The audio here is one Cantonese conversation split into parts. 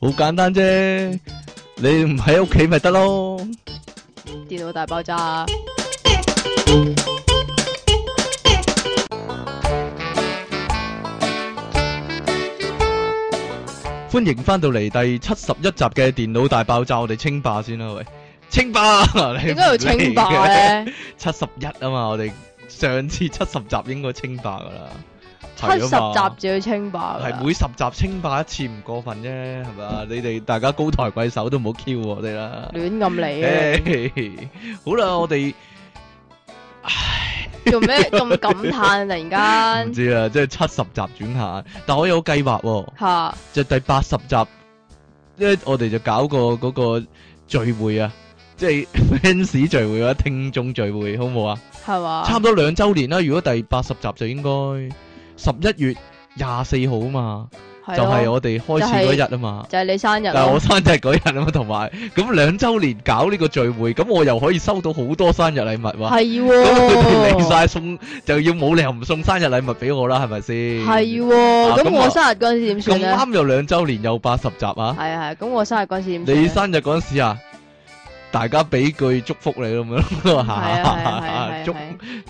好簡單啫，你唔喺屋企咪得咯。電腦大爆炸，歡迎翻到嚟第七十一集嘅電腦大爆炸，我哋清白先啦，喂，清白，點 解要清白咧？ 七十一啊嘛，我哋上次七十集應該清白噶啦。七十集就要清霸，係每十集清霸一次唔過分啫，係咪啊？你哋大家高抬貴手都唔好 Q 我哋啦，亂咁嚟啊！好啦，我哋唉做咩咁感嘆突然間？唔知啦，即係七十集轉下，但係我有計劃喎，吓即係第八十集咧，我哋就搞個嗰個聚會啊，即係 fans 聚會或者聽眾聚會，好唔好啊？係嘛，差唔多兩周年啦，如果第八十集就應該。十一月廿四號啊嘛，啊就係我哋開始嗰日啊嘛，就係你生日，但係我生日係嗰日啊嘛，同埋咁兩周年搞呢個聚會，咁我又可以收到好多生日禮物喎，咁佢哋唔晒送，就要冇理由唔送生日禮物俾我啦，係咪先？係，咁我生日嗰陣時點算？咁啱又兩周年又八十集啊！係啊係，咁、啊、我生日嗰陣時點？你生日嗰陣時啊？大家俾句祝福你咁樣吓，祝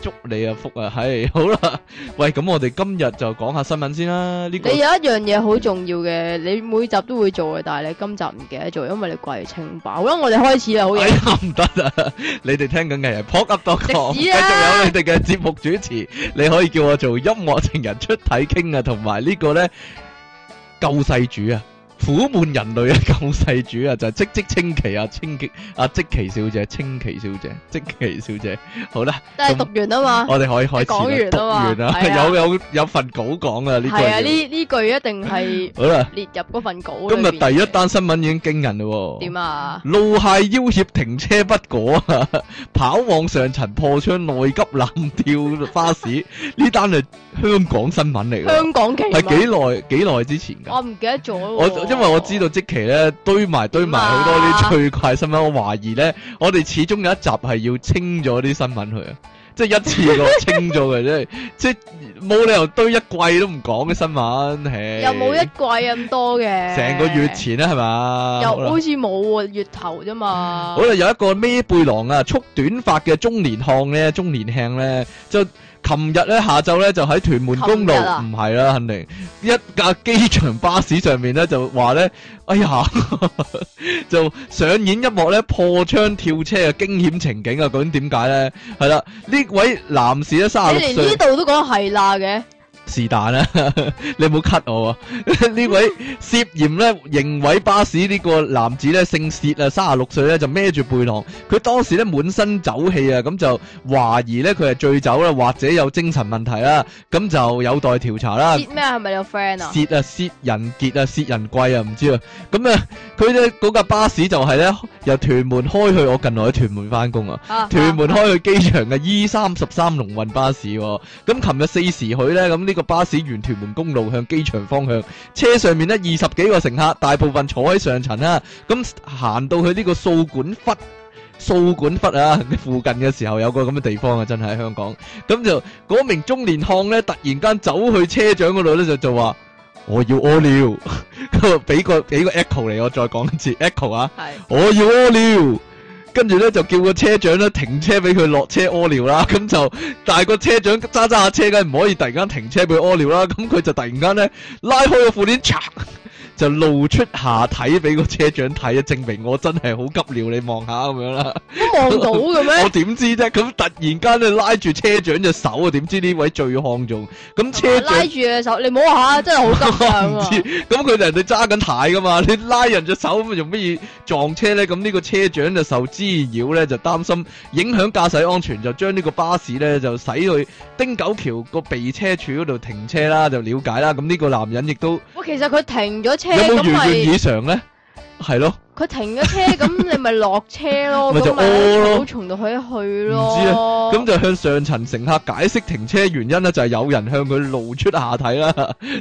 祝你啊，福啊，係好啦。喂，咁我哋今日就講下新聞先啦。呢個你有一樣嘢好重要嘅，你每集都會做嘅，但係你今集唔記得做，因為你掛住清白。好啦，我哋開始啦，好嘢。唔得啦，你哋聽緊藝人撲入到嚟，繼續有你哋嘅節目主持，你可以叫我做音樂情人出體 King 啊，同埋呢個咧救世主啊。苦悶人類啊，救世主啊，就係積積清奇啊，清奇啊，積淇小姐，清奇小姐，積淇小姐，好啦，但係讀完啊嘛，我哋可以開始完讀完啦，完啊，有有有份稿講啊，呢句係啊呢呢句一定係好啦，列入嗰份稿。今日第一單新聞已經驚人咯、哦，點啊？路蟹要挾停車不果啊， 跑往上層破窗內急攬跳巴士，呢單係香港新聞嚟，嘅。香港奇係幾耐幾耐之前噶、啊？我唔記得咗、哦。因為我知道即期咧堆埋堆埋好多啲趣怪新聞、啊，我懷疑咧我哋始終有一集係要清咗啲新聞佢啊， 即係一次過清咗嘅，啫。即係冇理由堆一季都唔講嘅新聞，又冇一季咁多嘅，成個月前啦係咪、啊、嘛，又好似冇月頭啫嘛，好啦有一個咩背、背囊啊，速短髮嘅中年漢咧，中年漢咧就。琴日咧下晝咧就喺屯門公路唔係、啊、啦，肯定一架機場巴士上面咧就話咧，哎呀 就上演一幕咧破窗跳車嘅驚險情景啊！究竟點解咧？係啦，呢位男士咧三十六歲，歲你連呢度都講係啦嘅。是但啦，你冇 cut 我啊。呢 位涉嫌咧刑毀巴士呢個男子咧姓薛啊，三十六歲咧就孭住背囊，佢當時咧滿身酒氣啊，咁就懷疑咧佢係醉酒啦，或者有精神問題啦、啊，咁就有待調查啦。薛咩啊？係咪有 friend 啊？薛啊，薛仁傑啊，薛仁貴啊，唔知啊。咁啊，佢咧嗰架巴士就係咧由屯門開去我近來喺屯門翻工啊，啊屯門開去機場嘅 E 三十三龍運巴士喎。咁琴日四時去咧，咁呢。個巴士沿屯門公路向機場方向，車上面呢，二十幾個乘客，大部分坐喺上層啦、啊。咁、嗯、行到去呢個掃管笏掃管笏啊附近嘅時候，有個咁嘅地方啊，真係喺香港。咁、嗯、就嗰名中年漢咧，突然間走去車長嗰度咧，就就話我要屙尿。咁 啊，俾個俾個 echo 嚟，我再講一次 echo 啊，係是我要屙尿。跟住咧就叫個車長咧停車俾佢落車屙尿啦，咁 就但係個車長揸揸下車梗係唔可以突然間停車俾佢屙尿啦，咁佢就突然間咧拉開個褲鏈，嚓！ 就露出下體俾個車長睇啊，證明我真係好急尿，你望下咁樣啦。都望到嘅咩？ 我點知啫？咁突然間就拉住車長隻手啊？點知呢位醉漢仲咁車長拉住隻手，你望下真係好急啊！唔 知咁佢哋人哋揸緊太噶嘛？你拉人隻手咁，用乜嘢撞車咧？咁呢個車長就受滋擾咧，就擔心影響駕駛安全，就將呢個巴士咧就駛去汀九橋個避車處嗰度停車啦，就了解啦。咁呢個男人亦都我其實佢停咗 Okay，有冇如願以償咧？係咯是。佢停咗車，咁 你咪落車咯，咁咪喺草叢度可以去咯。咁就向上層乘客解釋停車原因咧，就係有人向佢露出下體啦，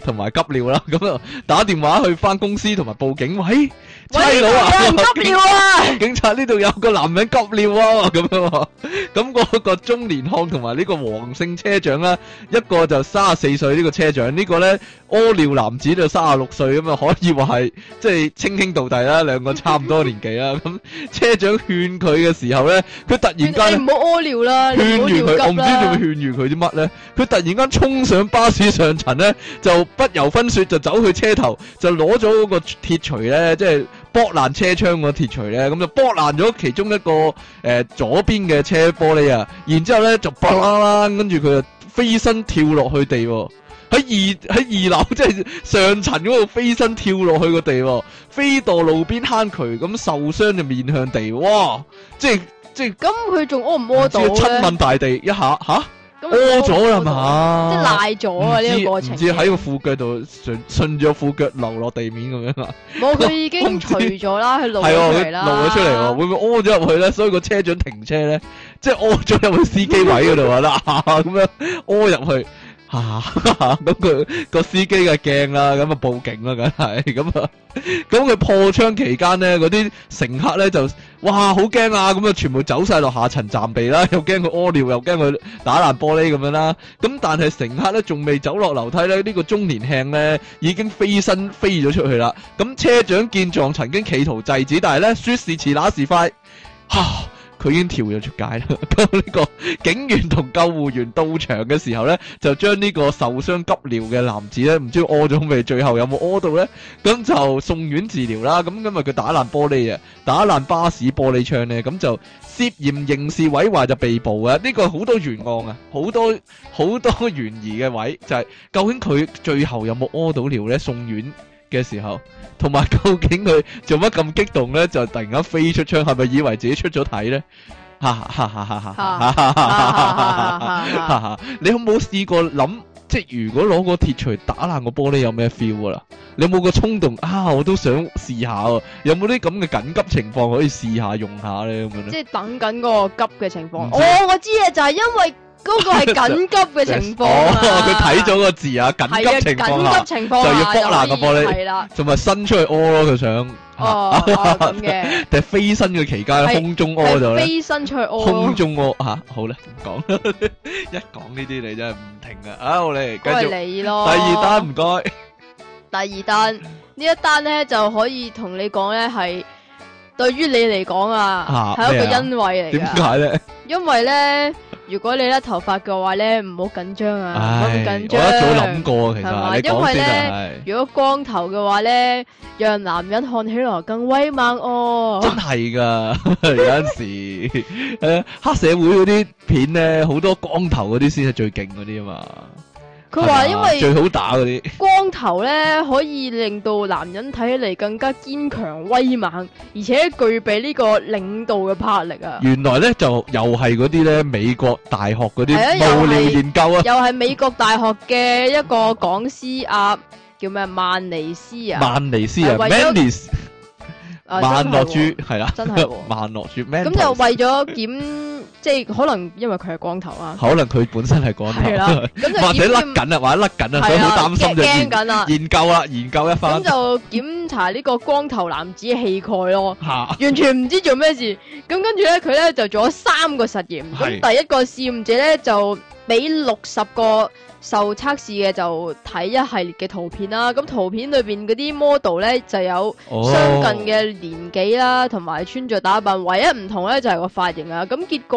同埋急尿啦。咁啊，打電話去返公司同埋報警、哎、喂，差佬啊，喂子急尿啊！警察呢度有個男人急尿啊！咁樣咁嗰、那個那個中年漢同埋呢個黃姓車長啦，一個就三十四歲呢、這個車長，這個、呢個咧屙尿男子就三十六歲咁啊，可以話係即係稱兄道弟啦，兩個。差唔多年紀啦，咁車長勸佢嘅時候咧，佢突然間，你唔好屙尿啦，勸完佢，你我唔知仲會勸完佢啲乜咧。佢突然間衝上巴士上層咧，就不由分說就走去車頭，就攞咗嗰個鐵錘咧，即係剝爛車窗嗰個鐵錘咧，咁就剝爛咗其中一個誒、呃、左邊嘅車玻璃啊，然之後咧就啪啦啦，跟住佢就飛身跳落去地、哦。喺二喺二樓，即係上層嗰度飛身跳落去個地，飛墮路邊坑渠咁受傷就面向地，哇！即係即係，咁佢仲屙唔屙到咧？即係親吻大地一下，吓屙咗啦嘛？即係賴咗啊！呢個過程唔喺個褲腳度順順住個褲腳流落地面咁樣啊？冇，佢已經除咗啦，佢露咗出嚟啦，露咗出嚟，會唔會屙咗入去咧？所以個車長停車咧，即係屙咗入去司機位嗰度啦，咁、啊、樣屙入去。 吓！咁佢、 那個司機嘅鏡啦，咁啊報警啦，梗係咁啊！咁佢破窗期間咧，嗰啲乘客咧就哇好驚啊！咁啊，全部走晒落下層站地啦，又驚佢屙尿，又驚佢打爛玻璃咁樣啦。咁但係乘客咧仲未走落樓梯咧，呢、這個中年 King 咧已經飛身飛咗出去啦。咁車長見狀曾經企圖制止，但係咧說時遲那時快，啊、呃！佢已經跳咗出街啦！當呢個警員同救護員到場嘅時候呢，就將呢個受傷急尿嘅男子呢，唔知屙咗未？最後有冇屙到呢？咁就送院治療啦。咁今日佢打爛玻璃啊，打爛巴士玻璃窗呢，咁就涉嫌刑事毀壞就被捕啊！呢個好多懸案啊，好多好多懸疑嘅位就係究竟佢最後有冇屙到尿呢？送院嘅時候，同埋究竟佢做乜咁激動咧？就突然間飛出窗，係咪以為自己出咗體咧？吓吓吓吓吓吓吓吓吓吓吓吓吓吓！你有冇試過諗？即係如果攞個鐵錘打爛個玻璃，有咩 feel 啦？你有冇個衝動啊？我都想試下喎！有冇啲咁嘅緊急情況可以試下用下咧？咁樣即係等緊個急嘅情況。哦，我知啊，就係因為。嗰個係緊急嘅情況啊！佢睇咗個字啊，緊急情況啊，就要撲爛個玻璃，係啦，同埋伸出去屙咯，佢想哦咁嘅，就係飛身嘅期間喺空中屙咗咧，飛身出去屙，空中屙吓，好咧，唔講，一講呢啲嚟真係唔停啊！啊，我哋繼續，第二單唔該，第二單呢一單咧就可以同你講咧，係對於你嚟講啊，係一個欣慰嚟，點解咧？因為咧。如果你甩頭髮嘅話咧，唔好緊張啊！唔緊張，我,我一早都諗過啊，其實，吧你說 因為咧，啊、如果光頭嘅話咧，讓男人看起來更威猛哦！真係噶，有陣時，誒， 黑社會嗰啲片咧，好多光頭嗰啲先係最勁嗰啲啊嘛。佢話因為最好打嗰啲光頭咧，可以令到男人睇起嚟更加堅強威猛，而且具備呢個領導嘅魄力啊！原來咧就又係嗰啲咧美國大學嗰啲布料研究啊！又係美國大學嘅一個講師啊，叫咩？曼尼斯啊，曼尼斯啊，Manis，曼洛珠係啊，真係、啊，曼洛珠。咩、啊？咁、啊、 就為咗檢。 即係可能因為佢係光頭啊，可能佢本身係光頭，咁或者甩緊啊，或者甩緊啊，所以好擔心就驚緊啦，研究啦，研究一番咁就檢查呢個光頭男子嘅氣概咯，完全唔知做咩事。咁跟住咧，佢咧就做咗三個實驗。咁第一個試驗者咧就俾六十個受測試嘅就睇一系列嘅圖片啦。咁圖片裏邊嗰啲 model 咧就有相近嘅年紀啦，同埋穿着打扮，唯一唔同咧就係個髮型啊。咁結果。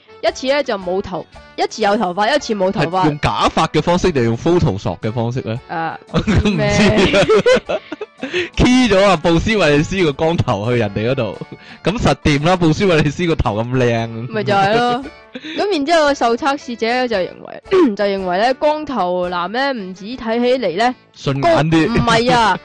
一次咧就冇頭，一次有頭髮，一次冇頭髮。用假髮嘅方式定係用 Photoshop 嘅方式咧？誒、uh，唔知 key 咗啊！布斯維利斯個光頭去人哋嗰度，咁實掂啦！布斯維利斯個頭咁靚，咪就係咯。咁 然之後受測試者就認為， 就認為咧，光頭男咧唔止睇起嚟咧順眼啲，唔 係啊，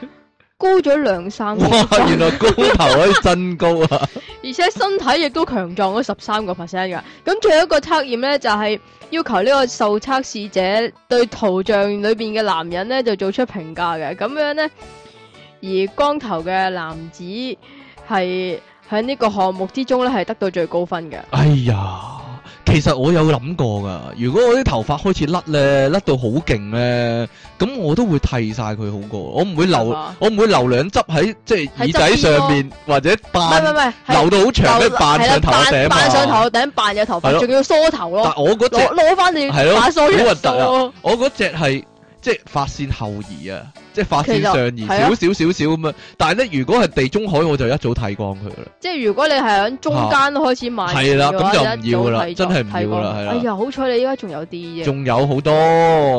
高咗兩三。哇！原來光頭可以增高啊！ 而且身體亦都強壯咗十三個 percent 㗎。咁最後一個測驗咧，就係要求呢個受測試者對圖像裏邊嘅男人咧，就做出評價嘅。咁樣咧，而光頭嘅男子係喺呢個項目之中咧，係得到最高分嘅。哎呀！其實我有諗過噶，如果我啲頭髮開始甩咧，甩到好勁咧，咁我都會剃晒佢好過，我唔會留，我唔會留兩執喺即係耳仔上邊或者扮，唔係唔係，留到好長咧，扮上頭頂，扮上頭頂，扮有頭髮，仲要梳頭咯，攞攞翻嚟，係咯，好核突啊，我嗰隻係即係髮線後移啊。即係發展上移少少少少咁樣，但係咧，如果係地中海，我就一早睇光佢啦。即係如果你係喺中間開始買，係啦、啊，咁就唔要啦，真係唔要啦，係啦。哎呀，好彩你依家仲有啲嘢，仲有好多，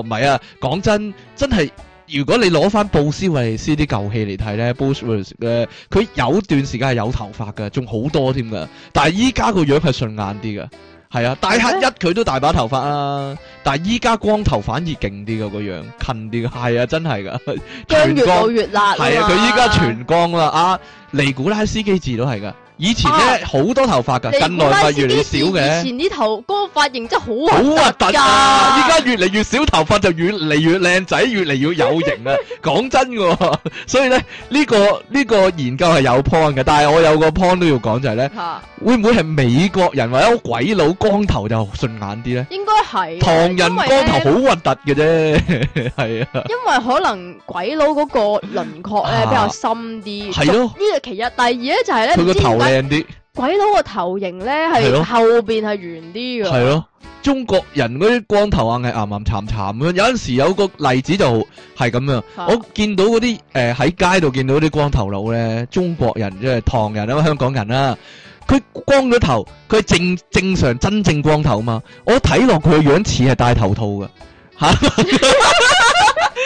唔係啊。講真，真係如果你攞翻布斯維斯啲舊戲嚟睇咧，布斯維誒，佢有段時間係有頭髮噶仲好多添噶但係依家個樣係順眼啲噶係啊，大、啊、黑一佢都大把頭髮啊，但係依家光頭反而勁啲噶，個樣近啲噶，係啊，真係噶，越光越辣，係啊，佢依家全光啦，啊。尼古拉斯基治都係噶。以前咧好多頭髮噶，近來髮越嚟越少嘅。以前啲頭髮髮型真係好核突㗎！依家越嚟越少頭髮就越嚟越靚仔，越嚟越有型啊！講真㗎，所以咧呢個呢個研究係有 point 嘅，但係我有個 point 都要講就係咧，會唔會係美國人或者鬼佬光頭就順眼啲咧？應該係。唐人光頭好核突嘅啫，係啊。因為可能鬼佬嗰個輪廓咧比較深啲。係咯。呢個其一，第二咧就係咧，佢個頭。靚啲，鬼佬個頭型咧係、啊、後邊係圓啲嘅。係咯、啊，中國人嗰啲光頭硬係岩岩潺潺噶，有陣時有個例子就係咁樣，啊、我見到嗰啲誒喺街度見到啲光頭佬咧，中國人即係唐人啊，香港人啦、啊，佢光咗頭，佢係正正常真正光頭嘛，我睇落佢個樣似係戴頭套噶，吓、啊。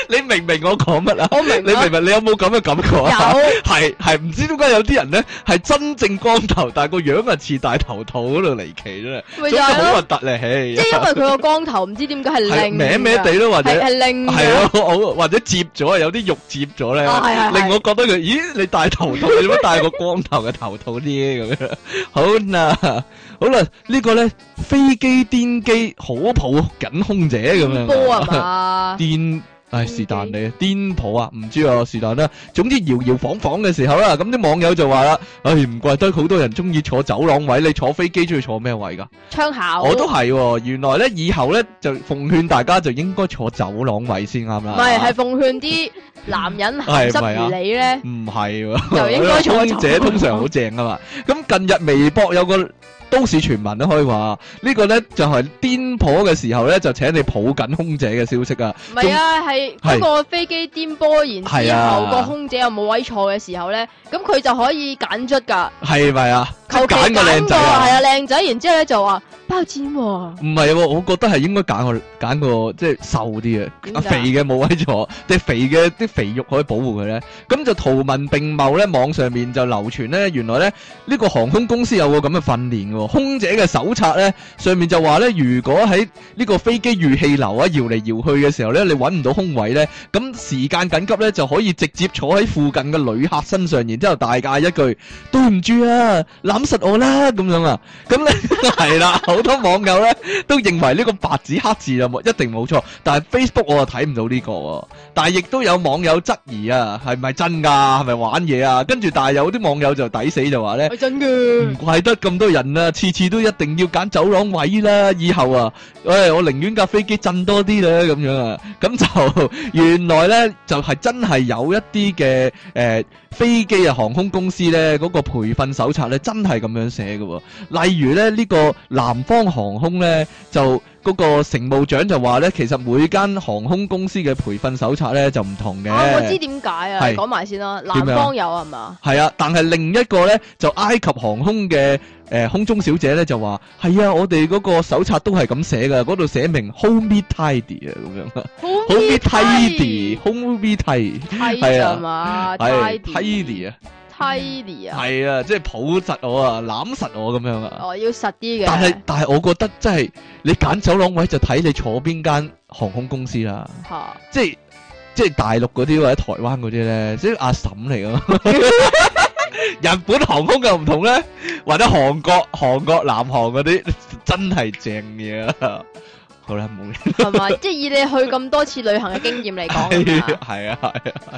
你明唔明我講乜啊？我明。你明唔明？你有冇咁嘅感覺啊？有，係係唔知點解有啲人咧係真正光頭，但係個樣啊似大頭套嗰度離奇啦，即係好核突咧。即係因為佢個光頭唔知點解係擰咩歪地咯，或者係擰係咯，或者接咗有啲肉接咗咧，令我覺得佢，咦，你戴頭套你點解戴個光頭嘅頭套啲咁樣？好嗱，好啦，呢個咧飛機顛機可抱緊空姐咁樣啊嘛唉，是但你啊，癲婆啊，唔知啊，是但啦。總之搖搖晃晃嘅時候啦，咁啲網友就話啦，唉、哎，唔怪得好多人中意坐走廊位。你坐飛機中意坐咩位噶窗口。我都係、哦，原來咧以後咧就奉勸大家就應該坐走廊位先啱啦。唔係，係奉勸啲男人係 不如你咧，唔係呢，就應該坐。空姐通常好正噶嘛。咁近日微博有個。都市傳聞都可以話，這個、呢個咧就係顛簸嘅時候咧，就請你抱緊空姐嘅消息啊！唔係啊，係個飛機顛簸，然之後個空姐又冇位坐嘅時候咧，咁佢、啊、就可以揀出㗎。係咪啊？即係揀個靚仔啊！係啊，靚仔然之後咧就話包剪喎、啊。唔係喎，我覺得係應該揀個揀個,個即係瘦啲嘅，肥嘅冇位坐，即啲肥嘅啲肥肉可以保護佢咧。咁就圖文並茂咧，網上面就流傳咧，原來咧呢來、這個航空公司有個咁嘅訓練喎。空姐嘅手冊咧，上面就話咧，如果喺呢個飛機遇氣流啊，搖嚟搖去嘅時候咧，你揾唔到空位咧，咁時間緊急咧，就可以直接坐喺附近嘅旅客身上，然之後大嗌一句：對唔住啊，攬實我啦！咁樣啊，咁咧係啦，好多網友咧都認為呢個白紙黑字啊，一定冇錯，但係 Facebook 我啊睇唔到呢個，但係亦都有網友質疑啊，係咪真㗎？係咪玩嘢？啊跟住但係有啲網友就抵死就話咧，係真嘅，唔怪得咁多人啊。次次都一定要揀走廊位啦，以後啊，誒，我寧願架飛機震多啲咧，咁樣啊，咁就原來呢，就係真係有一啲嘅，誒，飛機啊，航空公司呢嗰個培訓手冊呢，真係咁樣寫嘅喎，例如呢，呢個南方航空呢，就。嗰個乘務長就話咧，其實每間航空公司嘅培訓手冊咧就唔同嘅。啊，我知點解啊，講埋先咯。南方有啊係嘛？係啊，但係另一個咧，就埃及航空嘅誒空中小姐咧就話係啊，我哋嗰個手冊都係咁寫㗎，嗰度寫明 homey tidy 啊咁樣。homey tidy homey tidy 係啊嘛，tidy 啊。犀利啊！係啊、嗯，即係抱實我啊，攬實我咁、啊、樣啊。哦，要實啲嘅。但係但係，我覺得即係你揀走廊位就睇你坐邊間航空公司啦。吓哈，即係即係大陸嗰啲或者台灣嗰啲咧，即係阿嬸嚟咯。 日本航空又唔同咧，或者韓國韓國南航嗰啲真係正嘢。 好啦，冇。係嘛，即係以你去咁多次旅行嘅經驗嚟講，係 啊，係啊，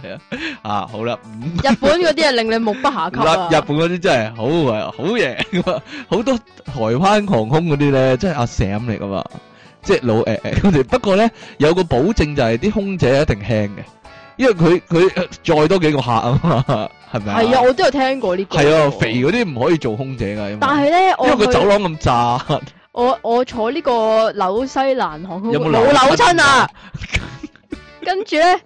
係啊，啊。啊，好啦，嗯、日本嗰啲啊令你目不暇給啊。日本嗰啲真係好啊，好嘢、啊。好多台灣航空嗰啲咧，真係阿 Sam 嚟噶嘛，即係老誒誒。不過咧，有個保證就係啲空姐一定輕嘅，因為佢佢再多幾個客啊嘛，係咪啊？係啊，我都有聽過呢個。係啊，肥嗰啲唔可以做空姐噶。但係咧，因為個走廊咁窄。我我坐呢個紐西蘭航空，我扭親啊。 跟住咧，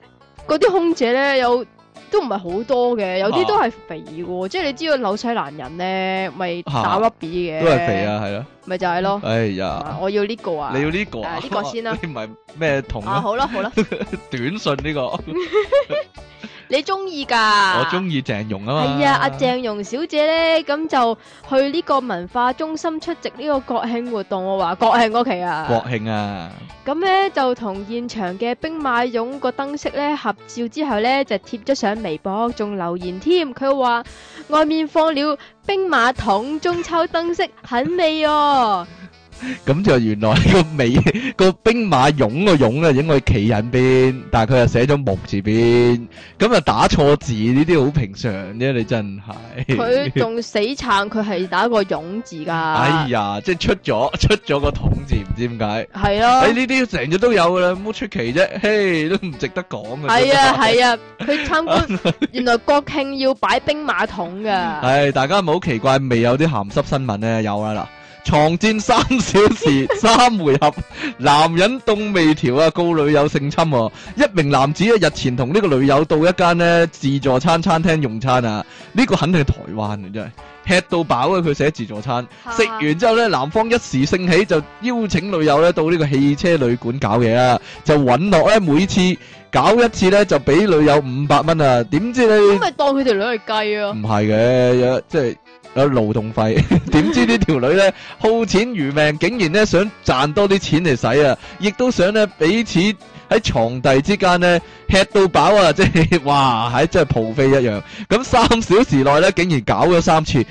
嗰啲空姐咧有都唔係好多嘅，有啲都係肥嘅，啊、即係你知道紐西蘭人咧，咪打 body 嘅，都係肥啊，係咯，咪就係咯，哎呀，我要呢個啊，你要呢個啊，呢、啊這個先啦、啊，唔係咩同啊，好啦好啦， 短信呢、這個。 你中意噶？我中意鄭融啊嘛。係啊，阿鄭融小姐呢，咁就去呢個文化中心出席呢個國慶活動，啊。我話國慶嗰期啊，國慶啊。咁呢，就同現場嘅兵馬俑個燈飾呢，合照之後呢，就貼咗上微博，仲留言添。佢話外面放了兵馬桶中秋燈飾，很美哦。 咁就原來個美 個兵馬俑個俑啊，應該企人邊，但係佢又寫咗木字邊，咁啊打錯字呢啲好平常啫，你真係佢仲死撐，佢係打個俑字噶，哎呀，即係出咗出咗個桶字唔知點解係啊，哎呢啲成日都有噶啦，冇出奇啫，嘿、hey, 都唔值得講噶，係啊係啊，佢參、啊、觀 原來國慶要擺兵馬桶噶，唉、哎、大家唔好奇怪，未有啲鹹濕新聞咧有啦床戰三小時 三回合，男人凍未條啊，告女友性侵。一名男子啊，日前同呢個女友到一間呢自助餐餐廳用餐啊，呢、呢個肯定係台灣嘅真係，吃到飽啊佢寫自助餐，食、啊、完之後呢，男方一時興起就邀請女友呢到呢個汽車旅館搞嘢啊，就揾落呢。每次搞一次呢，就俾女友五百蚊啊，點知咧？咁咪當佢條女係雞啊？唔係嘅，即係。有勞動費，點 知呢條女呢？耗錢如命，竟然呢想賺多啲錢嚟使啊！亦都想呢彼此喺床笫之間呢吃到飽啊！即係哇，係、哎、真係蒲飛一樣。咁三小時內呢，竟然搞咗三次。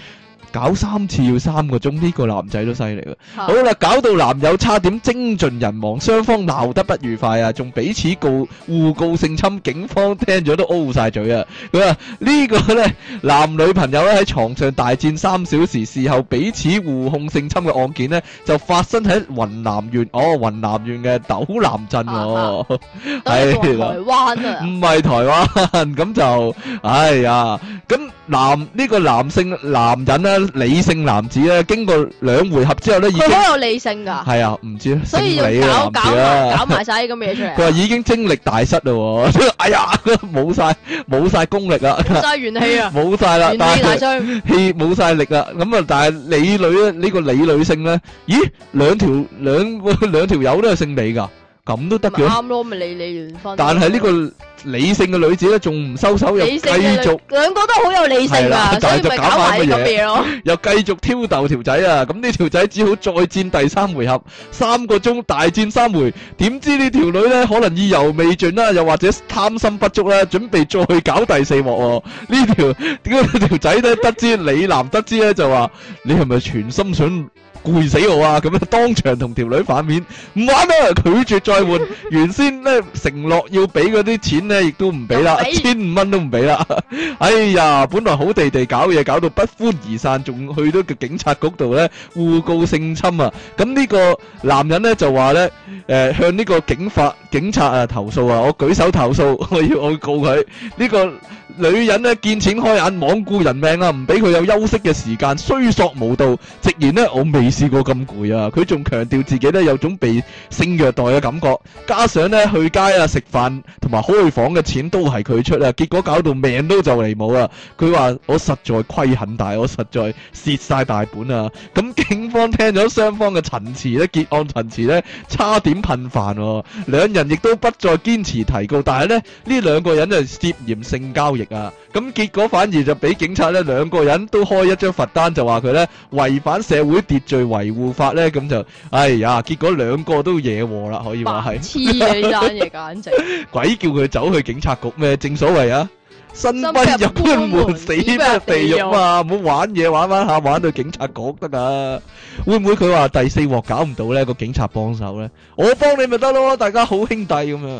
搞三次要三個鐘，呢、這個男仔都犀利啦！啊、好啦，搞到男友差點精盡人亡，雙方鬧得不愉快啊，仲彼此告互告性侵，警方聽咗都 O 晒嘴啊！佢話、這個、呢個咧男女朋友咧喺床上大戰三小時，事後彼此互控性侵嘅案件咧，就發生喺雲南縣哦，雲南縣嘅斗南鎮、哦。係台灣啊，唔係台灣，咁就哎呀，咁 台、 哎、男呢、這個男性男人咧。呢 理性男子咧，經過兩回合之後咧，已經佢好有理性噶，係啊，唔知啊，所以又搞搞埋搞埋晒啲咁嘅嘢出嚟。佢話已經精力大失咯，哎呀，冇晒冇晒功力啊，冇晒元氣啊，冇晒啦，元氣大傷，氣冇晒力啊，咁啊，但係李女咧呢個李女性咧，咦，兩條兩個兩條友都係姓李噶。咁都得嘅？啱咯，咪理理亂翻。但係呢個理性嘅女子咧，仲唔收手，又繼續兩個都好有理性啊，所以咪搞埋嘢，又繼續挑逗條仔啊！咁呢條仔只好再戰第三回合，三個鐘大戰三回，點知呢條女咧可能意猶未盡啦，又或者貪心不足啦，準備再搞第四幕哦！呢條點解條仔咧得知李男得知咧就話你係咪全心想？攰死我啊！咁樣當場同條女反面唔玩啦，拒絕再換。原先咧承諾要俾嗰啲錢咧，亦都唔俾啦，千五蚊都唔俾啦。哎呀，本來好地地搞嘢，搞到不歡而散，仲去到個警察局度咧，互告性侵啊！咁呢個男人咧就話咧，誒向呢個警法警察啊投訴啊，我舉手投訴，我要我告佢呢個女人咧見錢開眼，罔顧人命啊，唔俾佢有休息嘅時間，衰索無道，直言咧我未試過咁攰啊！佢仲強調自己呢有種被性虐待嘅感覺，加上呢，去街啊食飯同埋開房嘅錢都係佢出啊，結果搞到命都就嚟冇啦！佢話我實在虧很大，我實在蝕晒大本啊！咁警方聽咗雙方嘅陳詞呢，結案陳詞呢，差點噴飯，哦，兩人亦都不再堅持提告，但係呢，呢兩個人就涉嫌性交易啊！咁結果反而就俾警察呢，兩個人都開一張罰單，就話佢呢違反社會秩序，秩序。去維護法咧，咁就哎呀，結果兩個都惹禍啦，可以話係。黐啊，呢單嘢簡直。鬼叫佢走去警察局咩？正所謂啊，新婚入官門，死入地獄嘛，唔好玩嘢玩翻下，玩到警察局得噶。會唔會佢話第四鑊搞唔到咧？個警察幫手咧，我幫你咪得咯，大家好兄弟咁樣。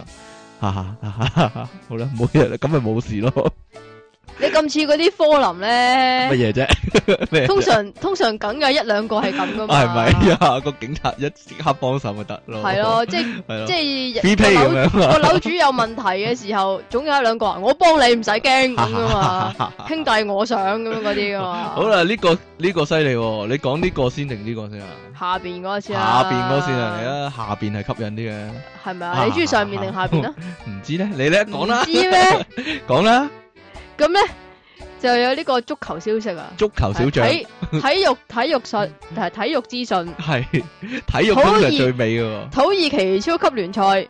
吓吓吓吓，好啦，唔好嘢啦，咁咪冇事咯。你咁似嗰啲科林咧？乜嘢啫？通常通常梗有一兩個係咁噶嘛？係咪啊？個警察一即刻幫手咪得咯？係咯，即係即係個樓主有問題嘅時候，總有一兩個啊！我幫你，唔使驚咁噶嘛，兄弟我上咁樣嗰啲噶嘛。好啦，呢個呢個犀利喎，你講呢個先定呢個先啊？下邊嗰次啊？下邊嗰個先啊？嚟啦，下邊係吸引啲嘅。係咪啊？你中意上面定下邊啊？唔知咧，你咧講啦。知咩？講啦。咁咧就有呢個足球消息啊，足球小將，體育體育訊，係體育資訊，係體育都係 最尾嘅。土耳其超級聯賽，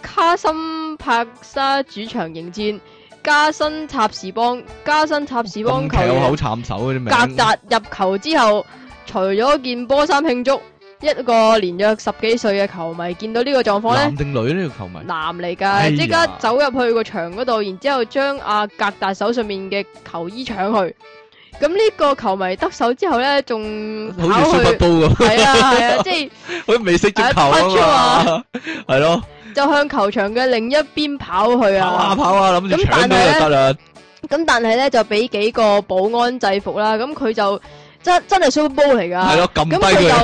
卡森帕沙主場迎戰加新插士邦，加新插士邦球口插手嗰啲名，格扎入球之後，除咗件波衫慶祝。一個年約十幾歲嘅球迷見到呢個狀況咧，男定女呢個球迷？男嚟㗎，即刻走入去個場嗰度，然之後將阿格達手上面嘅球衣搶去。咁呢個球迷得手之後咧，仲好似水筆刀咁，係啦係啊，即係我都未識足球啊嘛，係咯，就向球場嘅另一邊跑去啊，跑啊，諗住搶咗就得啦。咁但係咧就俾幾個保安制服啦，咁佢就。真真係 superball 嚟噶，係咯，咁佢又，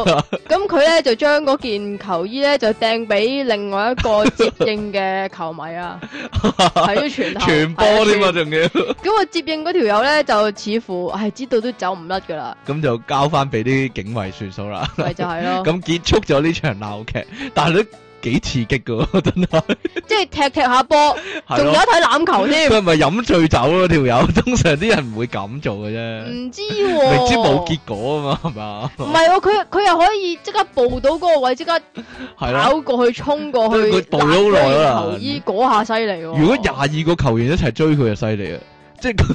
咁佢咧就將嗰件球衣咧就掟俾另外一個接應嘅球迷啊，係要傳球，傳波添嘛，仲要。咁啊接應嗰條友咧就似乎係知道都走唔甩噶啦，咁就交翻俾啲警衞算數啦，咪就係咯。咁結束咗呢場鬧劇，但係都。幾刺激噶，真係！ 即係踢踢下波，仲有一睇欖球添。佢係咪飲醉酒咯？條友，通常啲人唔會咁做嘅啫。唔知喎、哦，未 知冇結果啊嘛，係嘛？唔係喎，佢佢又可以即刻暴到嗰個位，即刻跑過去的衝過去，佢暴到落啦！球衣嗰下犀利喎！如果廿二個球員一齊追佢，就犀利啊！即係咁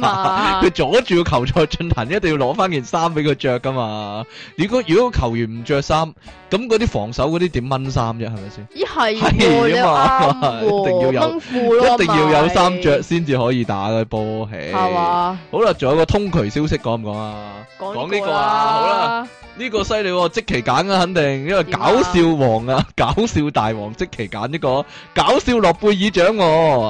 佢阻住個球賽進行，一定要攞翻件衫俾佢着噶嘛。如果如果球員唔着衫，咁嗰啲防守嗰啲點掹衫啫？係咪先？咦係嘅，的你啱嘅 一定要有，一定要有衫着先至可以打嘅波。係，好啦，仲、這、有個通渠消息講唔講啊？講呢個啊，好啦，呢個犀利，積淇揀啊，肯定，因為搞笑王啊，啊搞笑大王積淇揀呢個搞笑諾貝爾獎。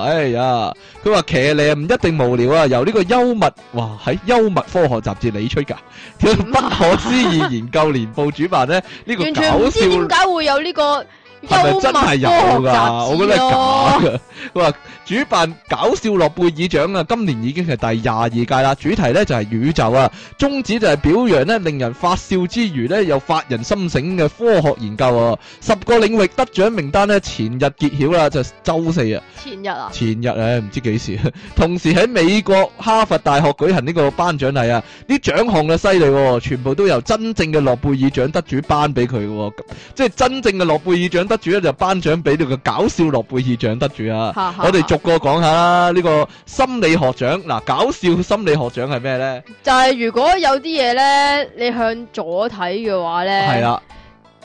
哎呀，佢話騎你。五。一定無聊啊！由呢個幽默，哇喺《幽默科學雜誌》裏你出噶， 不可思議研究年報主辦咧，呢、這個搞笑點解會有呢個？係咪真係有㗎？我覺得係假㗎。 佢話主辦搞笑諾貝爾獎啊，今年已經係第廿二屆啦。主題呢就係宇宙啊，宗旨就係表揚咧令人發笑之餘咧又發人心醒嘅科學研究。啊。十個領域得獎名單呢，前日揭曉啦，就周四啊。前日啊？前日誒，唔知幾時。同時喺美國哈佛大學舉行呢個頒獎禮啊，啲獎項嘅犀利，全部都由真正嘅諾貝爾獎得主頒俾佢嘅，即係真正嘅諾貝爾獎得主咧就頒獎俾呢個搞笑諾貝爾獎得主啊。哈哈，我哋逐個講下啦，呢、呢個心理學獎嗱、啊，搞笑心理學獎係咩呢？就係如果有啲嘢呢，你向左睇嘅話呢，係啦、啊，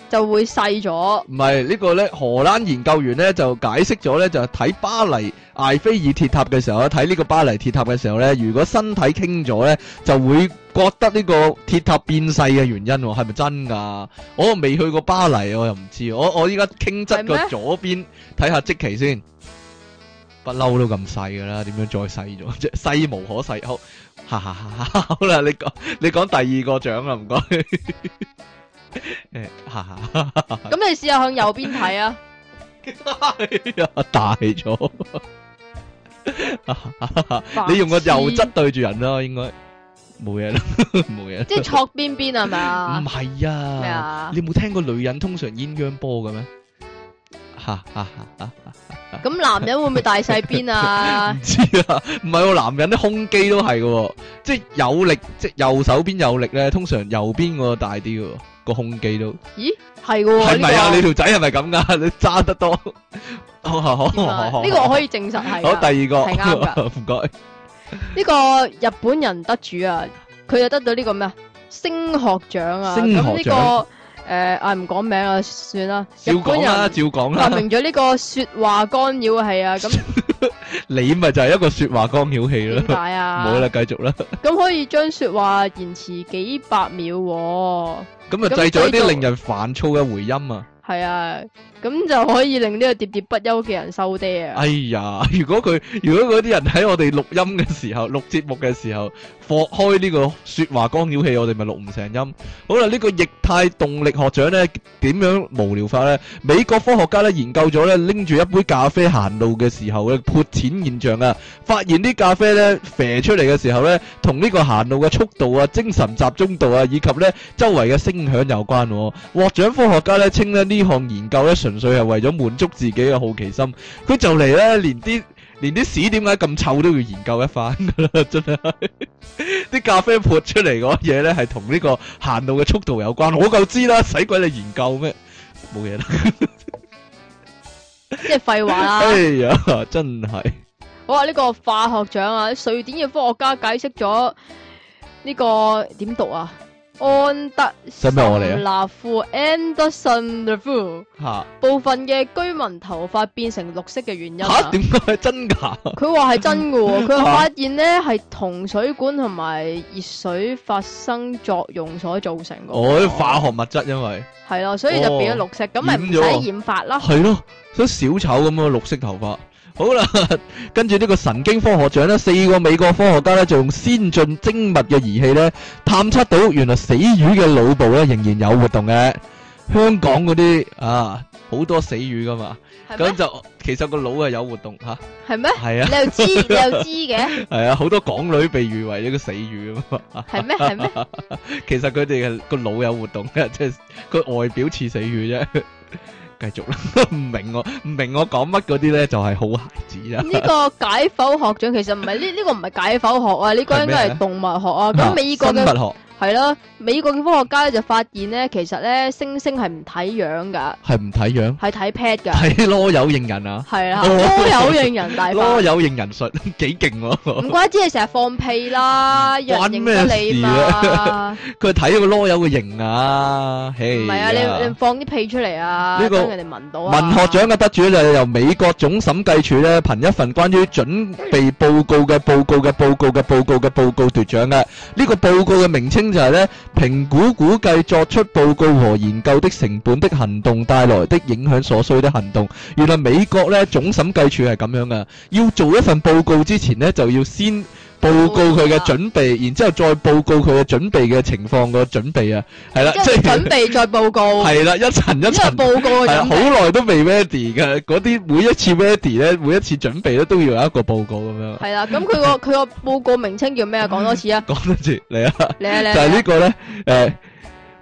就會細咗。唔係呢個呢，荷蘭研究員呢就解釋咗呢，就睇、係、巴黎艾菲爾鐵塔嘅時候睇呢個巴黎鐵塔嘅時候呢，如果身體傾咗呢，就會覺得呢個鐵塔變細嘅原因係、哦、咪真噶、啊？我、哦、未去過巴黎，我又唔知。我我依家傾側個左邊睇下積淇先。不嬲都咁細噶啦，點樣再細咗？細無可細。好，哈哈哈！好啦，你講你講第二個獎啦，唔該。誒，哈哈，咁你試下向右邊睇啊！大咗，你用個右側對住人啦，應該冇嘢啦，冇嘢。即係坐邊邊係咪啊？唔係啊！你冇聽過女人通常鴛鴦波嘅咩？吓吓吓吓吓！咁男人會唔會大細邊啊？唔知啊，唔係喎，男人啲胸肌都係噶，即係有力，即係右手邊有力咧，通常右邊嗰個大啲噶，個胸肌都。咦，係喎？係咪啊？你條仔係咪咁噶？你揸得多。好，好，好，好，好。呢個我可以證實係。好，第二個係啱噶，唔該。呢個日本人得主啊，佢又得到呢個咩啊？星學獎啊？咁呢個。誒，啊，唔講名啊，算啦，照講啊，照講啦，發明咗呢個說話干擾器啊，咁你咪就係一個說話干擾器咯，係啊，冇啦，繼續啦。咁可以將說話延遲幾百秒，咁啊製造一啲令人煩躁嘅回音啊。係啊。咁就可以令呢個喋喋不休嘅人收嗲啊！哎呀，如果佢如果嗰啲人喺我哋錄音嘅時候錄節目嘅時候放開呢個説話干擾器，我哋咪錄唔成音。好啦，呢個液態動力學獎咧點樣無聊法咧？美國科學家咧研究咗咧拎住一杯咖啡行路嘅時候嘅潑濺現象啊，發現啲咖啡咧啡出嚟嘅時候咧同呢個行路嘅速度啊、精神集中度啊以及咧周圍嘅聲響有關。獲獎科學家咧稱咧呢項研究咧純純粹係為咗滿足自己嘅好奇心，佢就嚟咧，連啲連啲屎點解咁臭都要研究一番噶啦，真係啲 咖啡潑出嚟嗰嘢咧，係同呢個行路嘅速度有關，我夠知啦，使鬼你研究咩，冇嘢啦，即係廢話啦，啊， 哎呀，真係，好，啊，呢、呢個化學獎啊，瑞典嘅科學家解釋咗呢個點讀啊。安德森納夫 Anderson Review，部分嘅居民頭髮變成綠色嘅原因，點解、啊、係真㗎？佢話係真㗎喎，佢 發現咧係、啊、同水管同埋熱水發生作用所造成嘅哦，啲化學物質因為係咯，所以就變咗綠色，咁咪唔使染髮咯，係咯，所以小丑咁樣綠色頭髮。好啦，跟住呢個神經科學獎呢，四個美國科學家呢，就用先進精密嘅儀器呢，探測到原來死魚嘅腦部呢仍然有活動嘅。香港嗰啲啊，好多死魚噶嘛，咁就其實個腦係有活動吓。係咩？係啊。你又知，你又知嘅。係啊，好多港女被譽為一個死魚啊嘛。係咩？係咩？其實佢哋係個腦有活動嘅，即係個外表似死魚啫。繼續啦，唔 明我唔明我講乜嗰啲咧，就係好孩子啦。呢個解剖學長其實唔係呢，呢個唔係解剖學啊，呢、這個應該係動物學啊。咁 美國嘅。係咯，美國嘅科學家咧就發現咧，其實咧星星係唔睇樣噶，係唔睇樣，係睇 pad 噶，係囉柚認人啊，係啦，囉柚、哦、認人大，囉柚認人術幾勁喎，唔、啊、怪之你成日放屁啦，認咩字啊？佢睇個囉柚嘅型啊，唔係啊，啊你你放啲屁出嚟啊，俾這個 人哋聞到啊！文學獎嘅得主咧由美國總審計處咧憑一份關於準備報告嘅報告嘅報告嘅報告嘅報告奪獎嘅，呢、這個報告嘅名稱。就係咧評估估計作出報告和研究的成本的行動帶來的影響所需的行動。原來美國咧總審計處係咁樣噶要做一份報告之前咧就要先。報告佢嘅準備，然之後再報告佢嘅準備嘅情況個準備啊，係啦，即係準備再報告，係啦， 一層一層報告，係好耐都未 ready 嘅。嗰啲每一次 ready 咧，每一次準備咧，都要有一個報告咁樣。係啦，咁佢個佢個 報告名稱叫咩 啊？講多次啊，講多次嚟啊，嚟啊嚟，就係呢個咧，誒。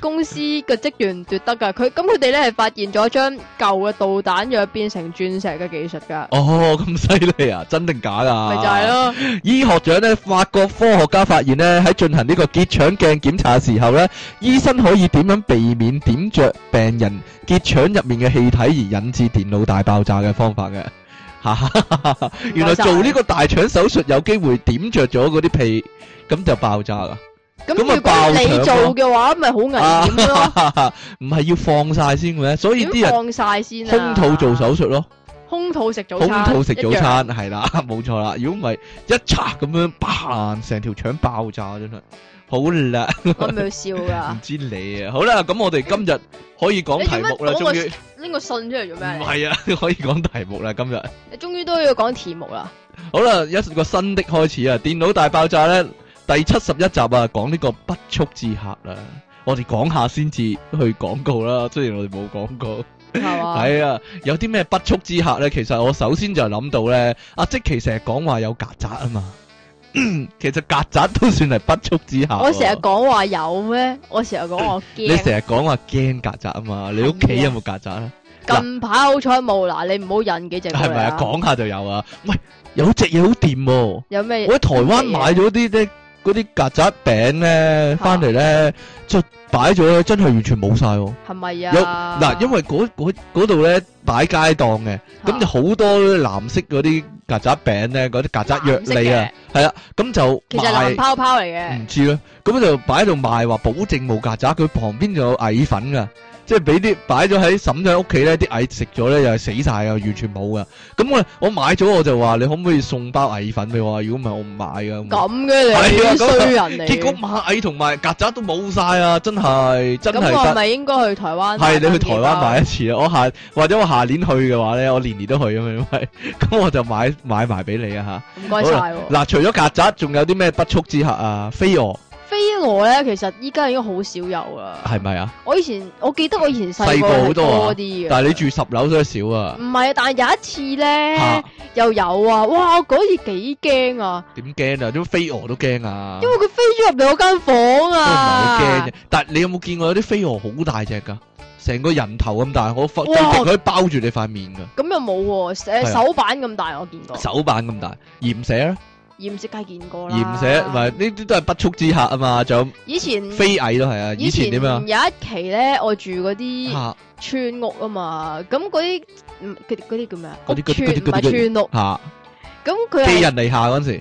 公司嘅職員奪得噶，佢咁佢哋咧係發現咗將舊嘅導彈藥變成鑽石嘅技術噶。哦，咁犀利啊，真定假啊？咪就係咯。醫學獎咧，法國科學家發現咧喺進行呢個結腸鏡檢查嘅時候咧，醫生可以點樣避免點着病人結腸入面嘅氣體而引致電腦大爆炸嘅方法嘅。 原來做呢個大腸手術有機會點着咗嗰啲屁，咁就爆炸啦。咁如果你做嘅話，咪好危險咯。唔係要放晒先嘅咩？所以啲人放晒先。空肚做手術咯。空肚食早餐，空肚食早餐係啦，冇錯啦。如果唔係一查咁樣，嘭！成條腸爆炸真係好叻。我俾佢笑噶。唔知你啊？好啦，咁我哋今日可以講題目啦。終於拎個信出嚟做咩？唔係啊，可以講題目啦。今日你終於都要講題目啦。好啦，一個新的開始啊！電腦大爆炸咧～第七十一集啊，講呢個不速之客啦，我哋講下先至去廣告啦。雖然我哋冇廣告，係吧 啊，有啲咩不速之客咧？其實我首先就諗到咧，阿、啊、積淇成日講話有曱甴啊嘛。 其實曱甴都算係不速之客、啊我說說。我成日講話有咩？我成日講我驚。你成日講話驚曱甴啊嘛？你屋企有冇曱甴啊？麼啦近排好彩冇嗱，你唔好引幾隻過係咪？啊。講下就有啊，喂，有隻嘢好掂喎。有咩什麼？我喺台灣買咗啲咧。嗰啲曱甴餅咧，翻嚟咧，就擺咗咧，真係完全冇晒喎。係咪呀？有嗱，因為嗰嗰嗰度咧擺街檔嘅，咁就好多藍色嗰啲曱甴餅咧，嗰啲曱甴藥你啊，係啦，咁就其實係泡泡嚟嘅，唔知啦。咁就擺喺度賣，話保證冇曱甴，佢旁邊仲有蟻粉㗎。即係俾啲擺咗喺嬸仔屋企咧，啲蟻食咗咧又係死晒，啊，完全冇噶。咁、嗯、我我買咗我就話，你可唔可以送包蟻粉俾我，我啊？如果唔係我唔買噶。咁嘅你衰人嚟。結果螞蟻同埋曱甴都冇晒啊！真係真係。咁我係咪應該去台灣？係你去台灣買一次啊！我下或者我下年去嘅話咧，我年年都去啊嘛。咁、 嗯、我就買買埋俾你啊吓，唔該晒！嗱、啊，除咗曱甴，仲有啲咩不速之客啊？飛蛾。飛蛾咧，其實依家已經好少有啦，係咪啊？我以前我記得我以前細個好多啲，啊，多但係你住十樓都係少啊。唔係啊，但係有一次咧，啊、又有啊，哇！我嗰次幾驚啊，點驚啊？點飛蛾都驚啊？因為佢飛咗入嚟我間房啊。唔係好驚，但係你有冇見過有啲飛蛾好大隻噶，成個人頭咁大，我封哇定佢可以包住你塊面噶。咁又冇喎，誒、啊、手板咁大我見過。啊，手板咁大，鹽蛇啊。鹽蛇梗係見過啦，鹽蛇唔係呢啲都係不速之客啊嘛，仲以前飛蟻都係啊，以前點啊？有一期咧，我住嗰啲村屋啊嘛，咁嗰啲佢嗰啲叫咩啊？村唔係村屋吓，咁佢係人嚟下嗰時，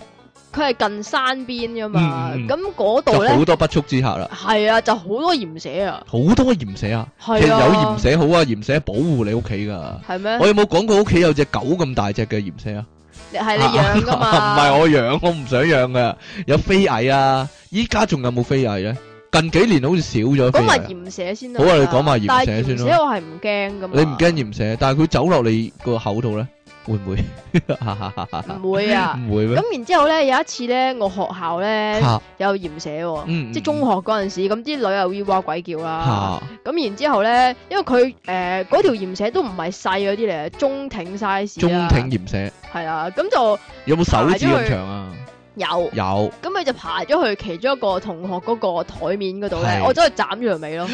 佢係近山邊噶嘛，咁嗰度咧就好多不速之客啦，係啊，就好多鹽蛇啊，好多鹽蛇啊，其實有鹽蛇好啊，鹽蛇保護你屋企噶，係咩？我有冇講過屋企有隻狗咁大隻嘅鹽蛇啊？係你養噶嘛？唔係我養，我唔想養噶。有飛蟻啊！依家仲有冇飛蟻咧？近幾年好似少咗飛蟻。咁話鹽蛇先啦。好啊，你講埋鹽蛇先咯。所以我係唔驚咁。你唔驚鹽蛇？但係佢走落你個口度咧？會唔會？唔會啊！唔會咩？咁然之後咧，有一次咧，我學校咧有鹽蛇，即係中學嗰陣時，咁啲女又咿哇鬼叫啦。咁然之後咧，因為佢誒嗰條鹽蛇都唔係細嗰啲嚟，中挺 size 中挺鹽蛇係啊！咁就有冇手指咁長啊？有有，咁佢就爬咗去其中一個同學嗰個台面嗰度咧，我走去斬住條尾咯。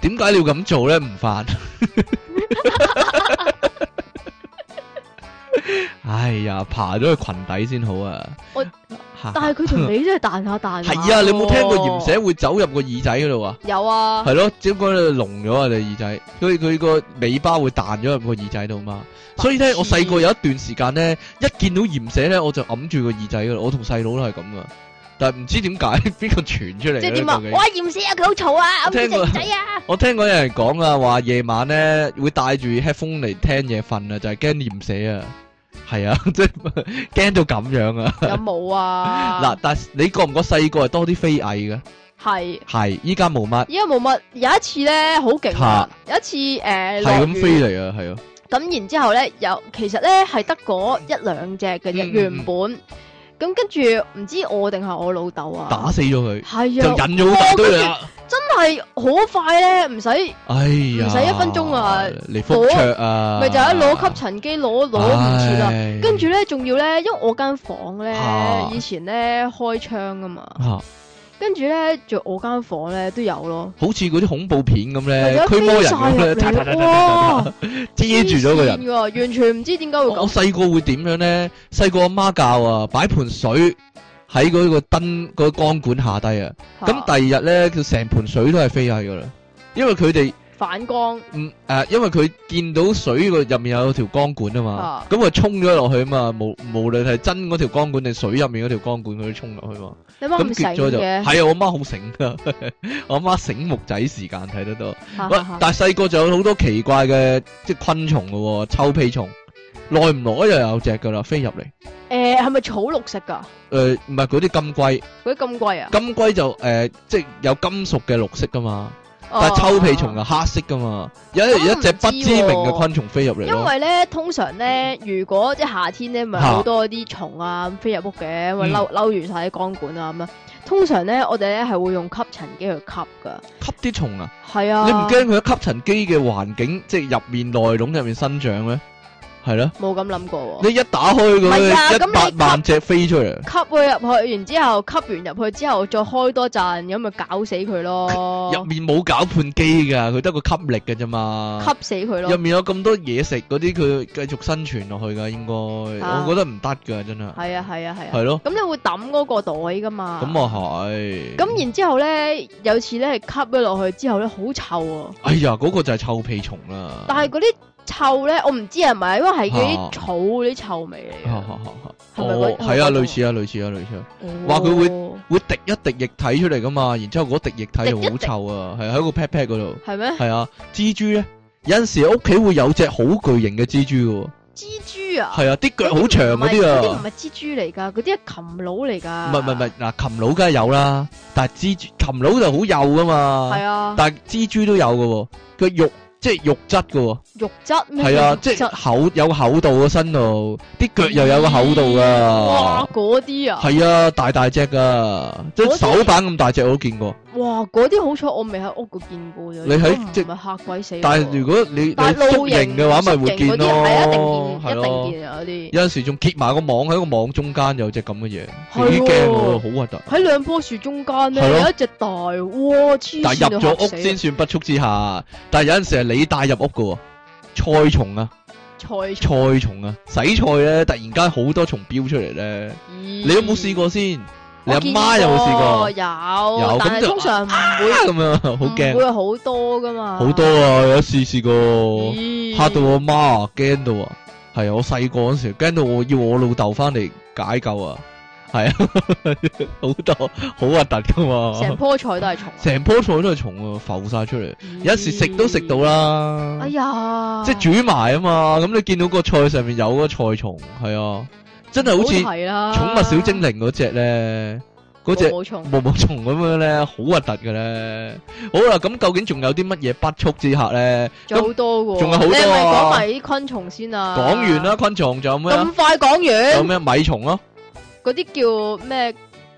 點解你要咁做咧？唔犯？哎呀，爬咗去裙底先好啊！我但係佢條尾真係彈下彈。係 啊，你冇聽過鹽蛇會走入個耳仔嗰度啊？有啊。係咯，只講聾咗啊！你耳仔，所以佢個尾巴會彈咗入個耳仔度嘛。特別 所以咧，我細個有一段時間咧，一見到鹽蛇咧，我就揞住個耳仔噶啦。我同細佬都係咁噶，但係唔知點解邊個傳出嚟即係點啊？我話鹽蛇啊，佢好嘈啊，揞住隻耳仔啊！ 我聽講有人講啊，話夜晚咧會帶住 headphone 嚟聽嘢瞓啊，就係驚鹽蛇啊。係 這啊， 啊，即係驚到咁樣啊！有冇啊？嗱，但係你覺唔覺細個係多啲飛蟻嘅？係係是，依家冇乜。依家冇乜，有一次咧好勁，啊、有一次誒，係、呃、咁飛嚟啊，係啊。咁然之後咧，有其實咧係得嗰一兩隻嘅啫，嗯、原本。咁跟住唔知我定係我老豆啊，打死咗佢，係啊，就引咗好多嚟啦，哦、跟 真係好快咧，唔使，哎唔呀使一分鐘啊，嚟覆桌啊，咪我、啊、就一攞吸塵機攞攞唔住啦，啊哎、呀跟住咧仲要咧，因為我間房咧、啊、以前咧開窗噶嘛。啊跟住咧，就我間房咧都有咯，好似嗰啲恐怖片咁咧，驅魔人咁咧，哇，遮住咗個人，完全唔知點解會咁、哦。我細個會點樣咧？細個阿媽教啊，擺盤水喺嗰個燈、嗰個光管下低啊，咁、啊、第二日咧，佢成盤水都係飛起噶啦，因為佢哋反光，嗯，誒，因為佢見到水個入面有條光管啊嘛，咁啊衝咗落去啊嘛，無無論係真嗰條光管定水入面嗰條光管，佢都衝入去嘛。咁結咗就，你媽唔醒嘅，係啊，我媽好醒噶，我媽醒目仔時間睇得到。但係細個就有好多奇怪嘅，即係昆蟲噶，臭屁蟲，耐唔耐又有隻噶啦，飛入嚟。誒，係咪草綠色噶？誒，唔係，嗰啲金龜。嗰啲金龜啊？金龜就誒，即係有金屬嘅綠色噶嘛。但係臭屁蟲啊，黑色噶嘛，有一隻不知名嘅昆蟲飛入嚟。因為咧，通常咧，如果即係夏天咧，咪好多啲蟲啊，咁飛入屋嘅，咪嬲嬲完晒啲光管啊咁啊。通常咧，我哋咧係會用吸塵機去吸噶。吸啲蟲啊？係啊。你唔驚佢喺吸塵機嘅環境，即係入面內籠入面生長咩？係咯，冇咁諗過。你一打開佢，一八萬隻飛出嚟，吸佢入去，然之後吸完入去之後，再開多陣，咁咪搞死佢咯。入面冇攪拌機噶，佢得個吸力噶啫嘛。吸死佢咯。入面有咁多嘢食，嗰啲佢繼續生存落去噶，應該。我覺得唔得噶，真係。係啊係啊係啊。係咯，咁你會抌嗰個袋噶嘛？咁啊係。咁然之後咧，有次咧係吸咗落去之後咧，好臭啊！哎呀，嗰個就係臭屁蟲啦。但係嗰啲。臭咧，我唔知係咪，因為係嗰啲草嗰啲臭味嚟。係啊，類似啊，類似啊，類似啊。話佢、哦、會會滴一滴液體出嚟噶嘛，然之後嗰滴液體就好臭滴滴啊，係喺個 pet pet 嗰度。係咩？係啊，蜘蛛咧，有陣時屋企會有隻好巨型嘅蜘蛛噶。蜘蛛啊？係啊，啲腳好長嗰啲啊。啲唔係蜘蛛嚟噶，嗰啲係禽佬嚟噶。唔係唔係唔係，嗱禽佬梗係有啦，但係蜘蛛禽佬就好幼噶嘛。係啊，但係蜘蛛都有噶，個肉。即係肉質嘅喎，肉質咩？係啊，即係厚有個厚度，個身度，啲腳又有個厚度噶。哇！嗰啲啊，係啊，大大隻噶，即係手板咁大隻，我都見過。哇！嗰啲好彩，我未喺屋度見過。你喺即係咪嚇鬼死？但係如果你你露營嘅話，咪會見咯。係咯。有陣時仲揭埋個網，喺個網中間有隻咁嘅嘢，好驚喎，好核突。喺兩棵樹中間咧有一隻大，哇！黐。但係入咗屋先算不速之下，但係有陣時係你帶入屋嘅喎，菜蟲啊，菜菜蟲啊，洗菜咧突然間好多蟲飚出嚟咧，你有冇試過先？你阿媽有冇試過？有，有，但係通常唔會咁樣，好驚，會好多噶嘛？好多啊，有試試過，嚇到阿媽啊，驚到啊，係啊，我細個嗰時驚到我要我老豆翻嚟解救啊，係啊，好多，好核突噶嘛，成棵菜都係蟲，成棵菜都係蟲啊，浮晒出嚟，有時食都食到啦，哎呀，即係煮埋啊嘛，咁你見到個菜上面有嗰個菜蟲，係啊。真係好似寵物小精靈嗰隻咧，嗰隻毛毛蟲咁樣咧，好核突嘅咧。好啦，咁究竟仲有啲乜嘢不速之客咧？仲有好多嘅、啊，仲係好多。你係咪講埋啲昆蟲先啊？講完啦、啊，昆蟲仲有咩、啊？咁快講完？有咩米蟲啊？嗰啲叫咩？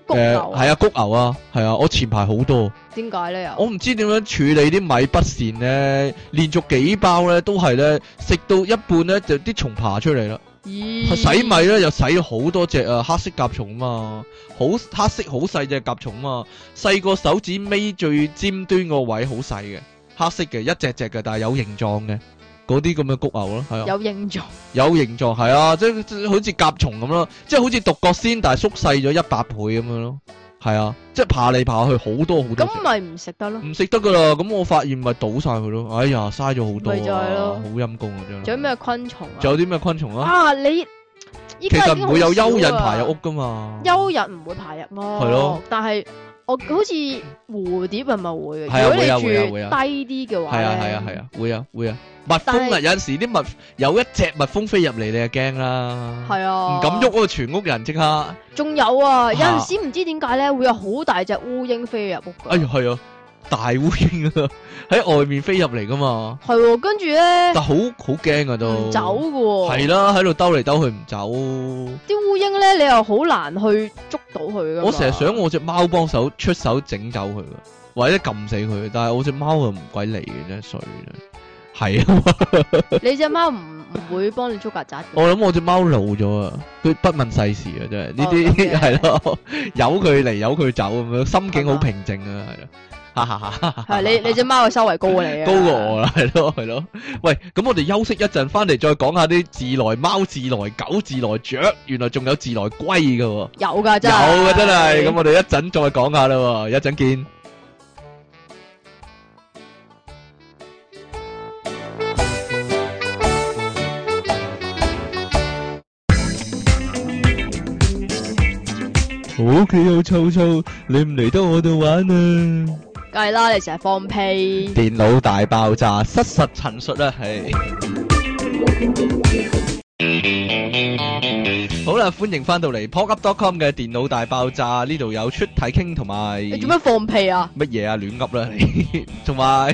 谷牛？係啊，谷牛啊，係、呃、啊，啊，啊，我前排好多。點解咧？啊我唔知點樣處理啲米不善咧，連續幾包咧都係咧，食到一半咧就啲蟲爬出嚟啦。洗米咧又洗咗好多隻啊，黑色甲蟲啊嘛，好黑色好細隻甲蟲啊嘛，細過手指尾最尖端個位好細嘅，黑色嘅一隻隻嘅，但係有形狀嘅，嗰啲咁嘅谷牛咯，係啊，有，有形狀，有形狀係啊，即係好似甲蟲咁咯，即係好似獨角仙，但係縮細咗一百倍咁樣咯。係啊，即係爬嚟爬去好多好多。咁咪唔食得咯？唔食得噶啦，咁我發現咪倒晒佢咯。哎呀，嘥咗好多啊，好陰公啊真係。仲有咩昆蟲啊？仲有啲咩昆蟲啊？蟲啊，啊，你依家其實唔會有蚯蚓爬入屋噶嘛？蚯蚓唔會爬入咯。係咯，啊，但係。我好似蝴蝶係咪會？啊、如果你住、啊、低啲嘅話，係啊係啊係啊，啊，會啊會啊。蜜蜂啊，是有陣時啲蜜有一隻蜜蜂飛入嚟，你就驚啦。係啊，唔敢喐、啊，個全屋人即刻。仲有啊，有陣時唔知點解咧，會有好大隻烏蠅飛入屋。哎係啊。大烏蠅啊，喺外面飛入嚟噶嘛，係喎。跟住咧，但係好好驚啊都，唔走喎，係啦，喺度兜嚟兜去唔走。啲烏蠅咧，你又好難去捉到佢噶。我成日想我隻貓幫手出手整走佢嘅，或者撳死佢，但係我隻貓又唔鬼嚟嘅啫，衰啦，係啊嘛。你隻貓唔唔會幫你捉曱甴？我諗我隻貓老咗啊，佢不問世事啊，真係呢啲係咯，由佢嚟由佢走咁樣，心境好平靜啊，係啊。哈哈哈！係，你你隻貓嘅收穫高過你啊！高過我啦，係咯係咯。喂，咁我哋休息一陣，翻嚟再講下啲自來貓、自來狗、自來雀，原來仲有自來龜㗎。有㗎真係。有㗎真係。咁我哋一陣再講下啦，喎，一陣見。我屋企又臭臭，你唔嚟得我度玩啊！梗啦！你成日放屁。電腦大爆炸，失實陳述啦，係。好啦，歡迎翻到嚟 pokup.com 嘅電腦大爆炸，呢度有出體 King 同埋。你做咩放屁啊？乜嘢啊？亂噏啦，同埋。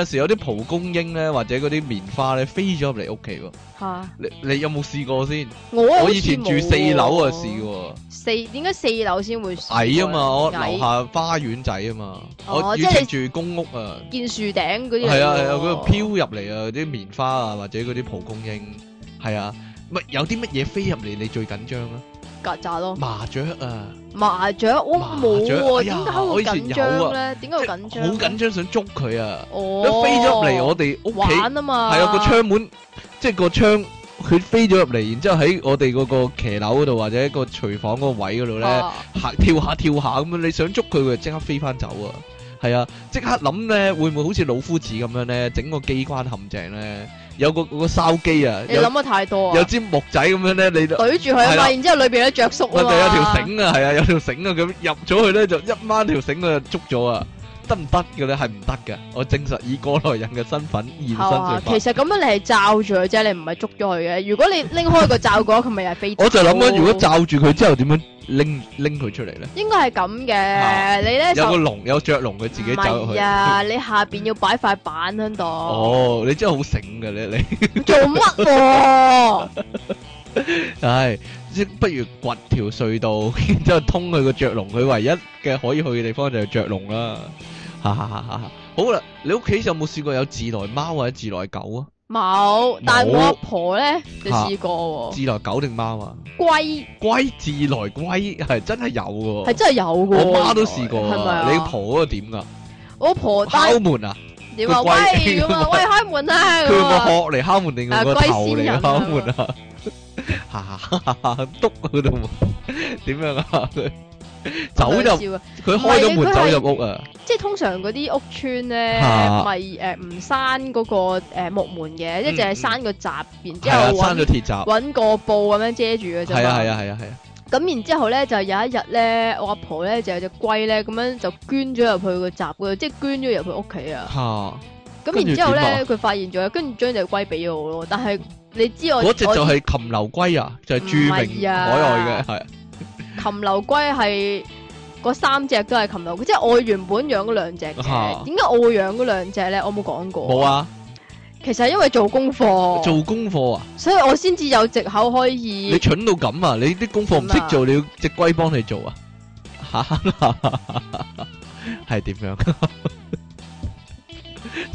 有時有啲蒲公英咧，或者嗰啲棉花咧，飛咗入嚟屋企喎。吓哈，你你有冇試過先？我，好我以前住樓四樓啊，試過。四點解四樓先會矮啊嘛？我樓下花園仔啊嘛。我即係住公屋啊。見樹頂嗰啲係啊係啊，佢飄入嚟啊，啲、啊、棉花啊，或者嗰啲蒲公英，係啊，咪、啊、有啲乜嘢飛入嚟，你最緊張啊？曱甴咯，麻雀啊，麻雀我冇喎，點解好緊張咧？點解好緊張？好緊張想捉佢啊！哦，飛咗入嚟我哋屋企啊嘛，係啊、個窗門，即、就、係、是、個窗，佢飛咗入嚟，然之後喺我哋嗰個騎樓嗰度或者個廚、啊、一個廚房嗰個位嗰度咧，吓跳下跳下咁啊！你想捉佢，佢即刻飛翻走啊！係啊，即刻諗咧，會唔會好似老夫子咁樣咧，整個機關陷阱咧？有個有個個筲箕啊！你諗得太多啊！有支木仔咁樣咧，你就懟住佢啊嘛，啊然之後裏邊咧着宿。啊嘛，有條繩啊，係啊，有條繩啊，咁入咗去咧就一掹條繩啊，就捉咗啊！得唔得嘅咧？係唔得嘅。我證實，以過來人嘅身份現身。其實咁樣你係罩住佢啫，你唔係捉咗佢嘅。如果你拎開個罩過，佢咪又係飛。我就諗緊，如果罩住佢之後，點樣拎拎佢出嚟咧？應該係咁嘅。你咧有個籠，有雀籠，佢自己走入去。唔係呀，你下邊要擺塊板喺度。哦，你真係好醒嘅咧，你。做乜？唉。不如掘條隧道，然之後通佢個雀籠，佢唯一嘅可以去嘅地方就係雀籠啦。哈哈，好啦，你屋企有冇試過有自來貓或者自來狗啊？冇，但係我阿婆咧就試過。自來狗定貓啊？龜龜自來龜係真係有噶，係真係有噶。我媽都試過，係咪啊？你婆點噶？我阿婆敲門啊？你話龜咁啊？喂開門啊？佢用個殼嚟敲門定用個頭嚟敲門啊？吓，篤嗰度點樣啊？佢 走入，佢 開咗了門是走入屋啊！即係通常嗰啲屋村咧，咪誒唔閂嗰個誒木門嘅，即係淨係閂個閘，然之後閂咗鐵閘搵搵個布咁樣遮住嘅啫。係啊係啊係啊係啊！咁、啊啊、然之後咧就有一日咧，我阿婆咧就有隻龜咧咁樣就捐咗入去個閘度，即係捐咗入去屋企啊！吓咁然之後咧，佢發現咗，跟住將隻龜俾我咯，但係。你知我嗰隻就係禽流龜啊，就係著名海外嘅係。禽流龜係嗰三隻都係禽流龜，即係我原本養嗰兩隻。點解我會養嗰兩隻咧？我冇講過。冇啊！其實係因為做功課。做功課啊！所以我先至有藉口可以。你蠢到咁啊！你啲功課唔識做，你要隻龜幫你做啊？吓，係點樣？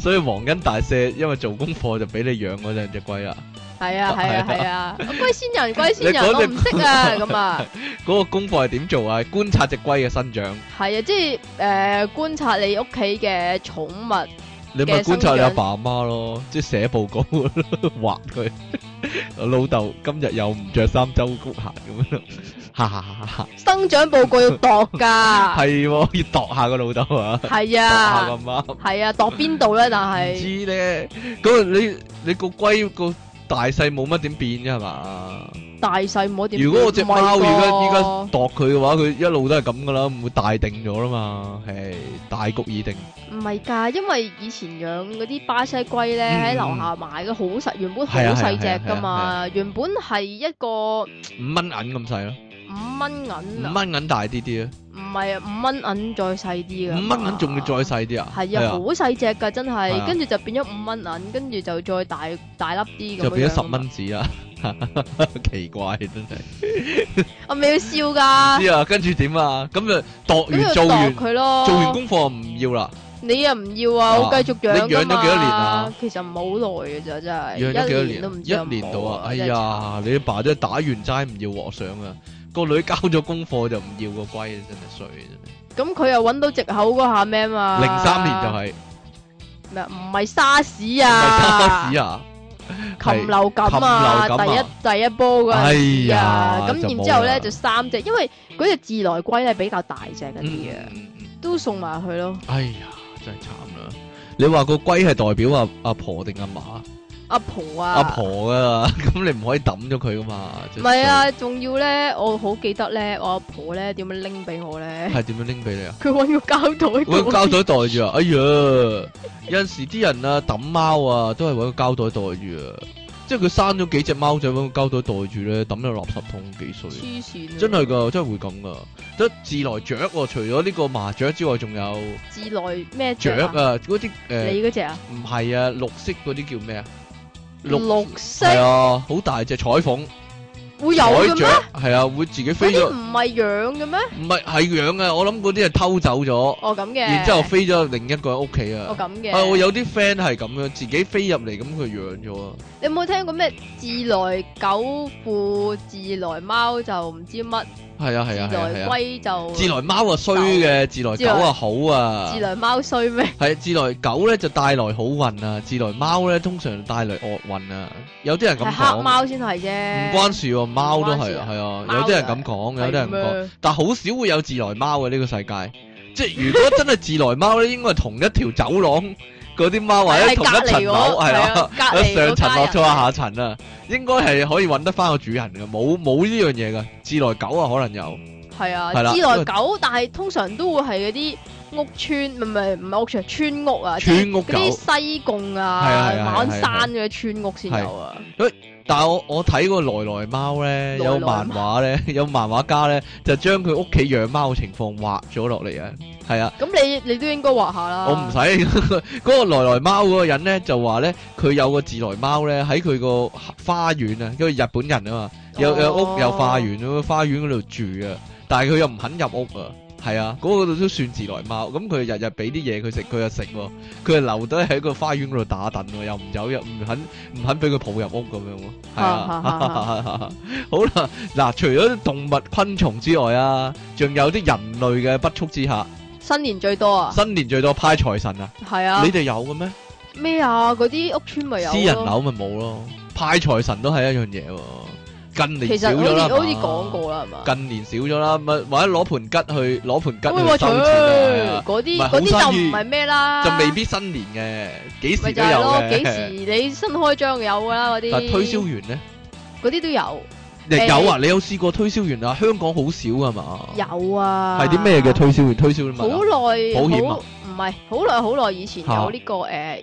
所以黃金大赦，因為做功課就俾你養嗰兩隻龜啊。係吧，啊係啊係啊！龜仙人，龜仙人， 你你我唔識啊咁啊。嗰 個功課係點做啊？觀察隻龜嘅生長。係啊，即係誒觀察你屋企嘅寵物嘅生長，你咪觀察你阿爸媽咯，即、就、係、是、寫報告畫佢。老 豆 今日又唔着衫周谷鞋咁樣。 吓吓吓吓！生長報告要度噶，係要度下個老豆啊！係啊，咁啱係啊，度邊度咧？但係唔知咧，咁你你個龜個大細冇乜點變嘅係嘛？大細冇乜點變。如果我隻貓而家而家度佢嘅話，佢一路都係咁噶啦，唔會大定咗啦嘛？係大局已定。唔係噶，因為以前養嗰啲巴西龜咧，喺樓下買嘅好實，原本好細隻噶嘛，原本係一個五蚊銀咁細咯。五蚊銀啊！五蚊銀大啲啲啊！唔係啊，五蚊銀再細啲噶。五蚊銀仲要再細啲啊！係啊，好細隻噶，真係。跟住就變咗五蚊銀，跟住就再大大粒啲咁。就變咗十蚊紙啊！奇怪真係，我咪要笑噶。唔知啊，跟住點啊？咁就度完做完佢咯，做完功課唔要啦。你又唔要啊？我繼續養啊。你養咗幾多年啊？其實唔好耐嘅咋，真係。養咗幾多年都唔知一年到啊！哎呀，你阿爸都係打完齋唔要和尚啊！個女交咗功課就唔要個龜，真係衰。咁佢又揾到藉口嗰下咩嘛？零三年就係咩啊？唔係沙士啊？沙士啊？禽流感啊？第一第一波嗰陣。係啊。咁然之後咧就三隻，因為嗰隻自來龜係比較大隻嗰啲嘅，都送埋去咯。哎呀，真係慘啦！你話個龜係代表阿阿婆定阿媽？阿婆啊！阿婆啊！咁你唔可以抌咗佢噶嘛？唔係啊，仲要咧，我好記得咧，我阿婆咧點樣拎俾我咧？係點樣拎俾你啊？佢搵個膠袋，搵膠袋袋住啊！哎呀，有陣時啲人啊抌貓啊，都係搵個膠袋袋住啊！即係佢生咗幾隻貓仔，搵個膠袋袋住咧，抌到垃圾桶，幾衰！黐線！真係噶，真係會咁噶。得自來雀，除咗呢個麻雀之外，仲有自來咩雀啊？嗰啲誒，你嗰隻啊？唔係啊，綠色嗰啲叫咩啊？綠色係啊，好大隻彩鳳。會有嘅咩？係啊，會自己飛咗。嗰啲唔係養嘅咩？唔係，係養嘅！我諗嗰啲係偷走咗。哦咁嘅。然之後飛咗另一個人屋企啊。哦咁嘅。啊，我有啲 friend 係咁樣，自己飛入嚟，咁佢養咗。你有冇聽過咩？自來狗富，自來貓就唔知乜。係啊，係啊，係啊！自來龜就自來貓走自來啊衰嘅，自來狗啊好啊。自來貓衰咩？係自來狗咧就帶來好運啊，自來貓咧通常帶來惡運啊。有啲人咁講，黑貓先係啫。唔關事喎、啊，貓都係，係啊，啊。有啲人咁講、就係、有啲人唔講嗎，但係好少會有自來貓嘅呢、呢個世界。即係如果真係自來貓咧， 應該係同一條走廊。嗰啲貓或者同一層樓，係啦，啊、隔離上層落錯下層啊，應該係可以搵得返個主人嘅。冇冇呢樣嘢嘅，自來狗啊可能有，係啊，啊自來狗，是但係通常都會係嗰啲屋邨，唔係唔係屋邨，村屋啊，村屋嗰啲西貢啊，馬鞍 山嘅村屋先有 啊。但係我我睇過來來貓咧，有漫畫咧，有漫畫家咧，就將佢屋企養貓嘅情況畫咗落嚟啊！係啊，咁你你都應該畫下啦。我唔使嗰個來來貓嗰個人咧，就話咧佢有個自來貓咧喺佢個花園啊，因為日本人啊嘛，有有屋有化，有花園，花園嗰度住啊，但係佢又唔肯入屋啊。係啊，嗰、那、度、個、都算自來貓，咁佢日日俾啲嘢佢食，佢又食，佢係留低喺個花園嗰度打躉，又唔走，又唔肯唔肯俾佢抱入屋咁樣咯。係啊，哈哈哈哈 好啦，嗱，除咗動物昆蟲之外啊，仲有啲人類嘅不速之客。新年最多啊！新年最多派財神啊！係啊，你哋有嘅咩？咩啊？嗰啲屋村咪有咯，私人樓咪冇咯，派財神都係一樣嘢，啊。近年少咗啦，好似講過啦，係嘛？近年少咗啦，咪或者攞盤吉去攞盤吉去收錢啊！嗰啲嗰啲就唔係咩啦，就未必新年嘅，幾時都有嘅。幾時你新開張有噶啦？嗰啲。但係推銷員咧？嗰啲都有。有啊，你有試過推銷員啊？香港好少啊嘛。有啊。係啲咩嘅推銷員？推銷乜？好耐保險啊？唔係，好耐好耐以前有呢個誒。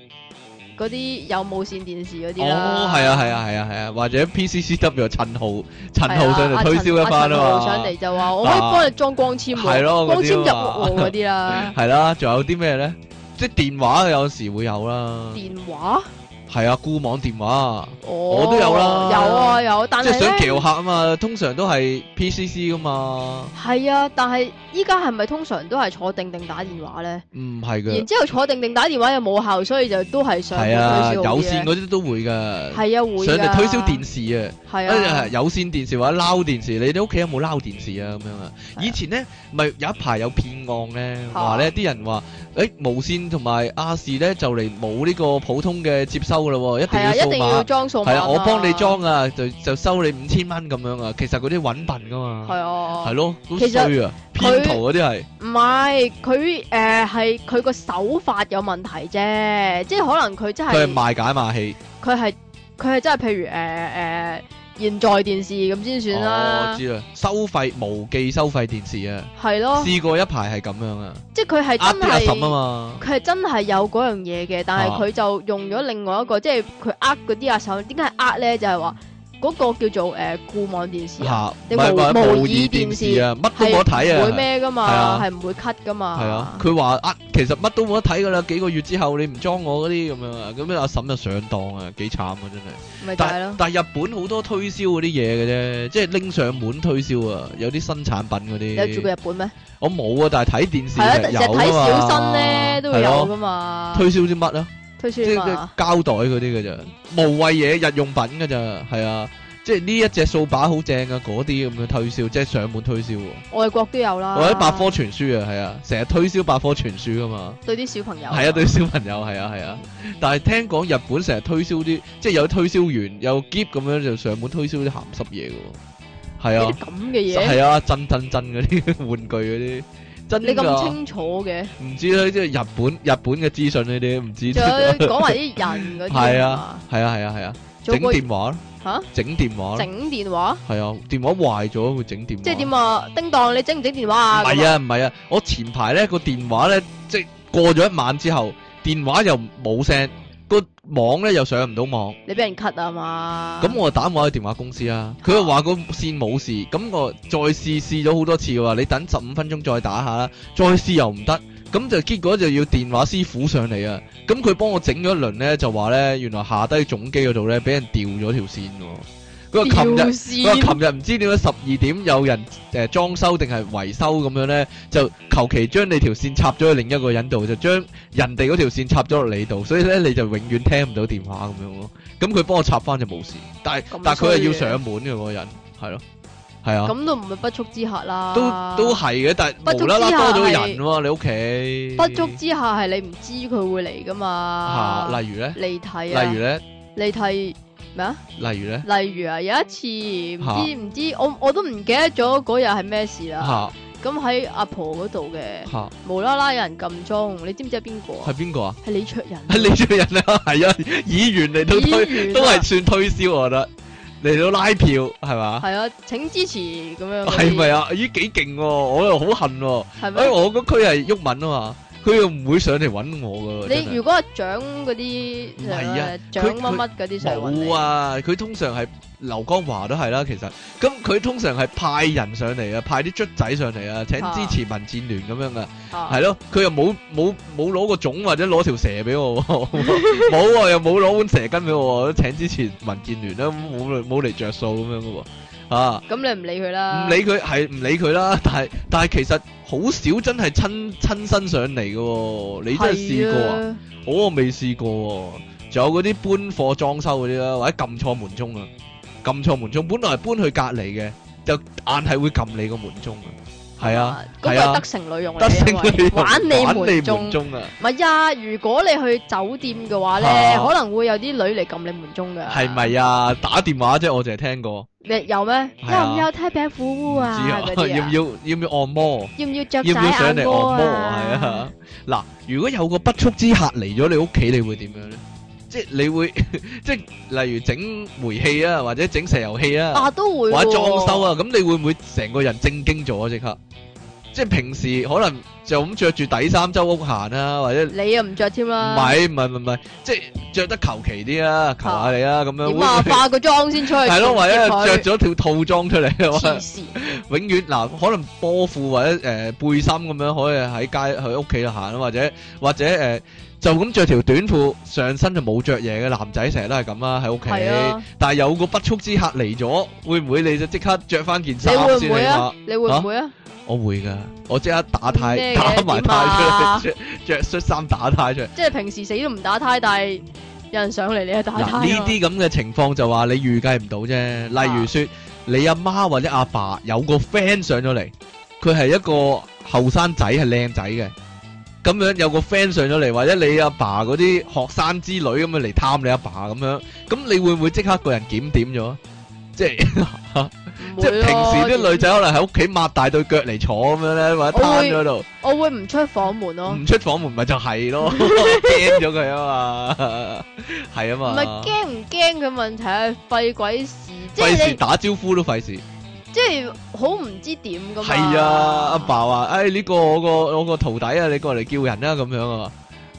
嗰啲有無線電視嗰啲咯，係、哦、啊係啊係啊係啊，或者 PCCW 陳豪陳豪上嚟推銷一番啊，啊上嚟就話我可以幫你裝光纖喎，啊、光纖入喎嗰啲啦，係啦、 啊，仲有啲咩咧？即係電話有時會有啦，電話。係啊，固網電話，oh，我都有啦，有啊有啊，但係即係想撬客啊嘛，通常都係 PCC 噶嘛。係啊，但係依家係咪通常都係坐定定打電話咧？唔係嘅。然之後坐定定打電話又冇效，所以就都係上。係啊，有綫嗰啲都會噶。係啊，會上嚟推銷電視啊。係啊、哎，有綫電視或者撈電視，你哋屋企有冇撈電視啊？咁樣啊？以前咧，咪有一排有騙案咧，話咧啲人話。誒無線同埋亞視咧就嚟冇呢個普通嘅接收噶咯，一定要裝數碼，係啊，我幫你裝啊，就就收你五千蚊咁樣啊，其實嗰啲揾笨噶嘛，係啊，係咯，好衰啊，騙徒嗰啲係唔係佢誒係佢個手法有問題啫，即係可能佢真係佢係賣解碼器，佢係佢係真係譬如誒誒。現在電視咁先算啦，哦，我知啦，收費無記收費電視啊，係咯的，試過一排係咁樣啊，即係佢係真係，佢係真係有嗰樣嘢嘅，但係佢就用咗另外一個，啊、即係佢呃嗰啲阿嬸，點解係呃咧？就係、是、話。嗰個叫做誒固網電視，唔係話模擬電視啊，乜都冇得睇啊，係會咩噶嘛，係唔、啊、會 cut 噶嘛。係啊，佢話啊，其實乜都冇得睇噶啦，幾個月之後你唔裝我嗰啲咁樣啊，咁阿嬸就上當啊，幾慘啊真係。咪大咯！但係日本好多推銷嗰啲嘢嘅啫，即係拎上門推銷啊，有啲新產品嗰啲。有住過日本咩？我冇啊，但係睇電視有啊，睇小新咧都會有噶嘛、啊。推銷啲乜咧？推銷即係膠袋嗰啲嘅咋，無謂嘢、日用品嘅咋。係啊，即係呢一隻掃把好正啊，嗰啲咁嘅推銷，即係上門推銷。外國都有啦。我喺百科全書啊，係啊，成日推銷百科全書噶嘛。對啲小朋友。係啊，對小朋友係啊係啊，啊 但係聽講日本成日推銷啲，即係有推銷員有 give 咁樣就上門推銷啲鹹濕嘢嘅，係啊。咁嘅嘢。係啊，震震震嗰啲玩具嗰啲。真你咁清楚嘅？唔知咧，即係日本日本嘅資訊你哋都唔知。仲有講埋啲人嗰啲啊？係啊，係啊，係啊。整電話啦嚇！整電話啦！整電話。係啊，電話壞咗會整電話。即係點啊？叮當，你整唔整電話啊？唔係啊，唔係啊！我前排咧個電話咧，即係過咗一晚之後，電話又冇聲。個網咧，又上唔到網，你俾人 cut 啊嘛？咁我打我喺電話公司啊，佢又話個線冇事，咁我再試試咗好多次話，你等十五分鐘再打下啦，再試又唔得，咁就結果就要電話師傅上嚟啊，咁佢幫我整咗一輪咧就話咧，原來下低總機嗰度咧俾人掉咗條線。佢話話琴日，佢話琴日唔知點解十二點有人誒裝修定係維修咁樣咧，就求其將你條線插咗去另一個人度，就將人哋嗰條線插咗落你度，所以咧你就永遠聽唔到電話咁樣咯。咁佢幫我插翻，就冇事，但係但係佢係要上門嘅個、啊、人，係咯，係啊。咁都唔係不速之客啦，都都係嘅，但係無啦啦多咗人你屋企。不速之客係你唔知佢會嚟噶嘛？吓，例如咧，你睇。啊，例如咧，你睇，啊。咩啊？例如咧？例如啊，有一次唔知唔知，我我都唔記得咗嗰日係咩事啦。咁喺阿婆嗰度嘅，無啦啦有人撳鐘，你知唔知係邊個啊？係邊個啊？係李卓人。係李卓人啊？係啊，議員嚟到推都係算推銷，我覺得嚟到拉票係嘛？係啊，請支持咁樣。係咪啊？咦幾勁，我又好恨，係咪？我個區係郁文啊嘛。佢又唔會上嚟揾我噶。你的如果獎嗰啲，唔係啊，獎乜乜嗰啲上嚟冇啊！佢通常係劉江華都係啦，其實咁佢通常係派人上嚟啊，派啲卒仔上嚟啊，請支持民建聯咁樣噶，係咯、啊，佢、啊、又冇冇冇攞個糉或者攞條蛇俾我，冇 啊，又冇攞碗蛇羹俾我，請支持民建聯啦，冇冇嚟着數咁樣噶喎。啊！咁你唔理佢啦，唔理佢係唔理佢啦。但係但係其實好少真係親親身上嚟嘅，哦，你真係試過啊？Oh, 我未試過，哦，仲有嗰啲搬貨裝修嗰啲啦，或者撳錯門鐘啊，撳錯門鐘，本來係搬去隔籬嘅，就硬係會撳你個門鐘。係啊，嗰個得性女用嚟嘅，玩你門鐘啊！唔係呀，如果你去酒店嘅話咧，可能會有啲女嚟撳你門鐘噶係咪呀？打電話啫，我淨係聽過。你有咩？有唔有貼餅腐烏啊？要唔要要唔要按摩？要唔要上嚟按摩啊？嗱，如果有個不速之客嚟咗你屋企，你會點樣咧？即係你會即係例如整煤氣啊，或者整石油氣啊，啊都會，或者裝修啊，咁你會唔會成個人正經咗即刻？即係平時可能就咁着住底衫周屋行啊，或者你又唔着添啦？唔係唔係唔係，即係着得求其啲啦，求下你啦咁樣。麻煩化個妝先出去。係咯，或者着咗條套裝出嚟。黐線，永遠嗱，可能波褲或者誒背心咁樣，可以喺街去屋企度行啊，或者或者誒。就咁着條短褲，上身就冇着嘢嘅男仔，成日都係咁啊。喺屋企。但係有個不速之客嚟咗，會唔會你就即刻着翻件衫先？你話，會啊？你會唔會啊，啊？我會噶，我即刻打呔，打埋呔出嚟，著恤衫打呔出嚟。即係平時死都唔打呔，但係有人上嚟，啊啊，你啊打呔。呢啲咁嘅情況就話你預計唔到啫。例如說，你阿媽或者阿爸，爸有個 friend 上咗嚟，佢係一個後生仔，係靚仔嘅。咁樣有個 friend 上咗嚟，或者你阿爸嗰啲學生之類咁樣嚟探你阿爸咁樣，咁你會唔會即刻個人檢點咗？即係 即係平時啲女仔可能喺屋企抹大對腳嚟坐咁樣咧，或者攤喺度，我會唔出房門咯？唔出房門咪就係咯，驚咗佢啊嘛，係 啊嘛，唔係驚唔驚嘅問題係、啊、費鬼事，即係費事打招呼都費事。即係好唔知點咁啊！係啊，阿爸話：哎呢、這個我個我個徒弟啊，你過嚟叫人啊，咁樣啊，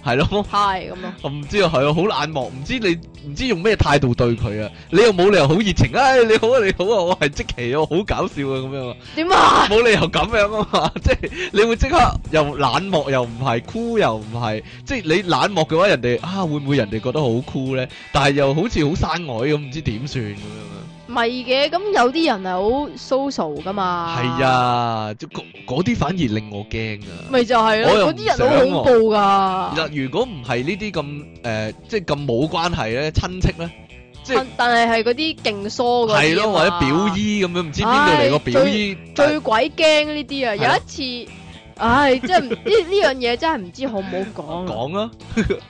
係咯。係咁樣。唔知啊，係 啊，好、啊、冷漠，唔知你唔知用咩態度對佢啊？你又冇理由好熱情，哎、啊，你好啊你好啊，我係積淇啊，好搞笑啊咁樣啊。點啊？冇理由咁樣啊嘛， 即係你會即刻又冷漠又唔係酷又唔係，即係你冷漠嘅話，人哋啊會唔會人哋覺得好酷咧？但係又好似好生外咁，唔知點算咁樣咪嘅，咁有啲人係好 social 㗎嘛。係啊，即嗰啲反而令我驚啊。咪就係咯，嗰啲人好恐怖㗎。若如果唔、呃就是、係呢啲咁誒，即咁冇關係咧，親戚咧，即、就是、但係係嗰啲勁疏㗎。係咯、啊，或者表姨咁樣，唔知邊度嚟個表姨。最但最鬼驚呢啲啊！有一次。唉、哎，真係呢呢樣嘢真係唔知好唔好講。講說啊！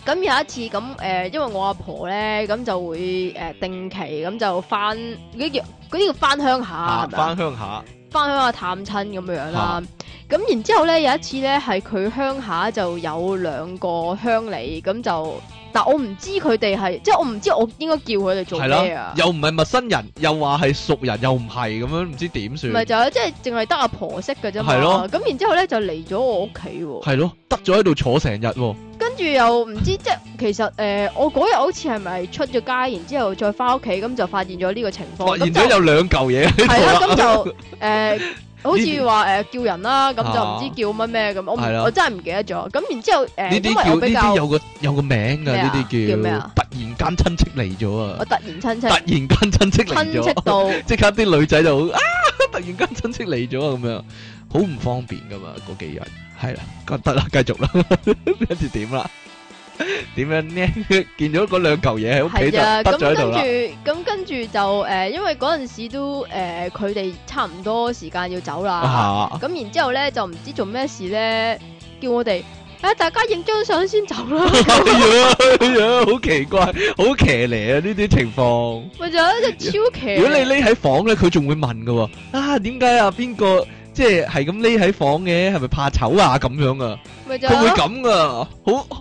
咁 有一次咁，誒、呃，因為我阿婆咧，咁就會誒、呃、定期咁就翻，嗰啲叫嗰啲叫翻鄉下，啊、翻鄉下，翻鄉下探親咁樣樣啦。咁、啊、然之後咧，有一次咧，係佢鄉下就有兩個鄉里，咁就。但我唔知佢哋係，即係我唔知我應該叫佢哋做咩啊？又唔係陌生人，又話係熟人，又唔係咁樣，唔知點算？唔係就係即係淨係得阿婆識嘅啫嘛。咁的然之後咧就嚟咗我屋企、啊，係咯，得咗喺度坐成日、啊。跟住又唔知，即係其實誒、呃，我嗰日好似係咪出咗街，然之後再返屋企，咁就發現咗呢個情況，發現咗有兩嚿嘢喺度。係咯、啊，咁就誒。呃 好似話誒叫人啦、啊，咁就唔知叫乜咩咁，我是的 我真係唔記得咗。咁然之後誒，呢啲呢啲有個有個名噶呢啲叫咩啊？突然間親戚嚟咗啊！我突然親戚突然間親戚親戚到，即刻啲女仔就啊！突然間親戚嚟咗，咁樣好唔方便噶嘛？嗰幾日係啦，得啦，繼續啦，呢一節點啦。點樣呢？ 見到嗰兩嚿嘢喺屋企度，咁的、嗯、跟住，咁、嗯、跟住就誒、呃，因為嗰陣時都誒，佢、呃、哋差唔多時間要走、啊嗯呃、走啦。咁然之後咧，就唔知做咩事咧，叫我哋誒，大家影張相先走啦。咁樣好奇怪，好騎嚟啊呢啲情況。咪就係一隻超騎。如果你匿喺房咧，佢仲會問噶。啊，點解啊？邊個即係係咁匿喺房嘅？係咪怕醜啊？咁樣啊？咪就係，佢會咁啊？好。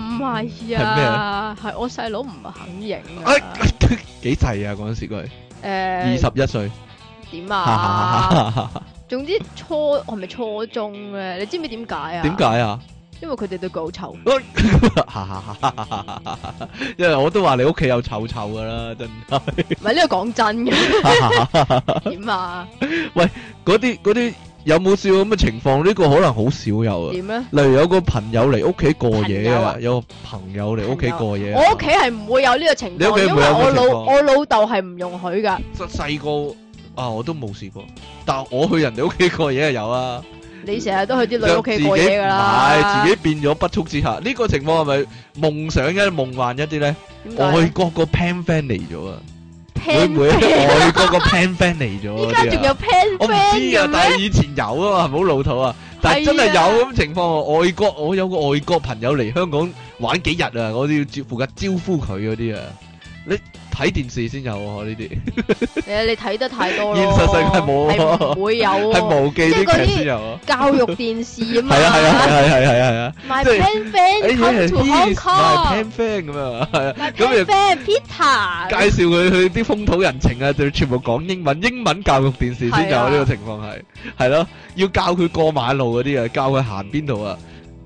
係咩？係、哎、我細佬唔肯認，哎哎、啊！幾大、呃、歲啊？嗰陣時佢，誒，二十一歲，點啊？總之初係咪 初中咧？你知唔知點解啊？點解啊？因為佢哋對佢好臭， 因為我都話你屋企有臭臭噶啦，真係唔係呢個講真嘅，點 啊？ 喂，嗰啲嗰啲。有冇試過咁嘅情況？呢個可能好少有啊。點咧？例如有個朋友嚟屋企過夜啊，有個朋友嚟屋企過夜啊。我屋企係唔會有呢個情況，你屋企會有？因為我老我老豆係唔容許噶。細個啊，我都冇試過，但係我去人哋屋企過夜係有啊。你成日都去啲女屋企過夜噶啦，係自己變咗不速之客。呢個情況係咪夢想一、夢幻一啲咧？外國個 pen friend 嚟咗啊！佢每一個外國個 penfriend 嚟咗，依家仲有 penfriend。我唔知啊，但係以前有啊嘛，唔好老土啊，但係真係有咁情況。是啊、外國我有個外國朋友嚟香港玩幾日啊，我都要接負責招呼佢嗰啲啊。你睇電視先有啊呢啲，誒你睇得太多咯。現實世界冇喎，會有喎，係無記啲劇先有啊，教育電視啊，係啊係啊係係係係啊，My Fan Fan Come to Hong Kong，My Fan Fan 咁啊，咁又 Peter 介紹佢佢啲風土人情啊，就全部講英文，英文教育電視先有呢個情況係，係咯，要教佢過馬路嗰啲啊，教佢行邊度啊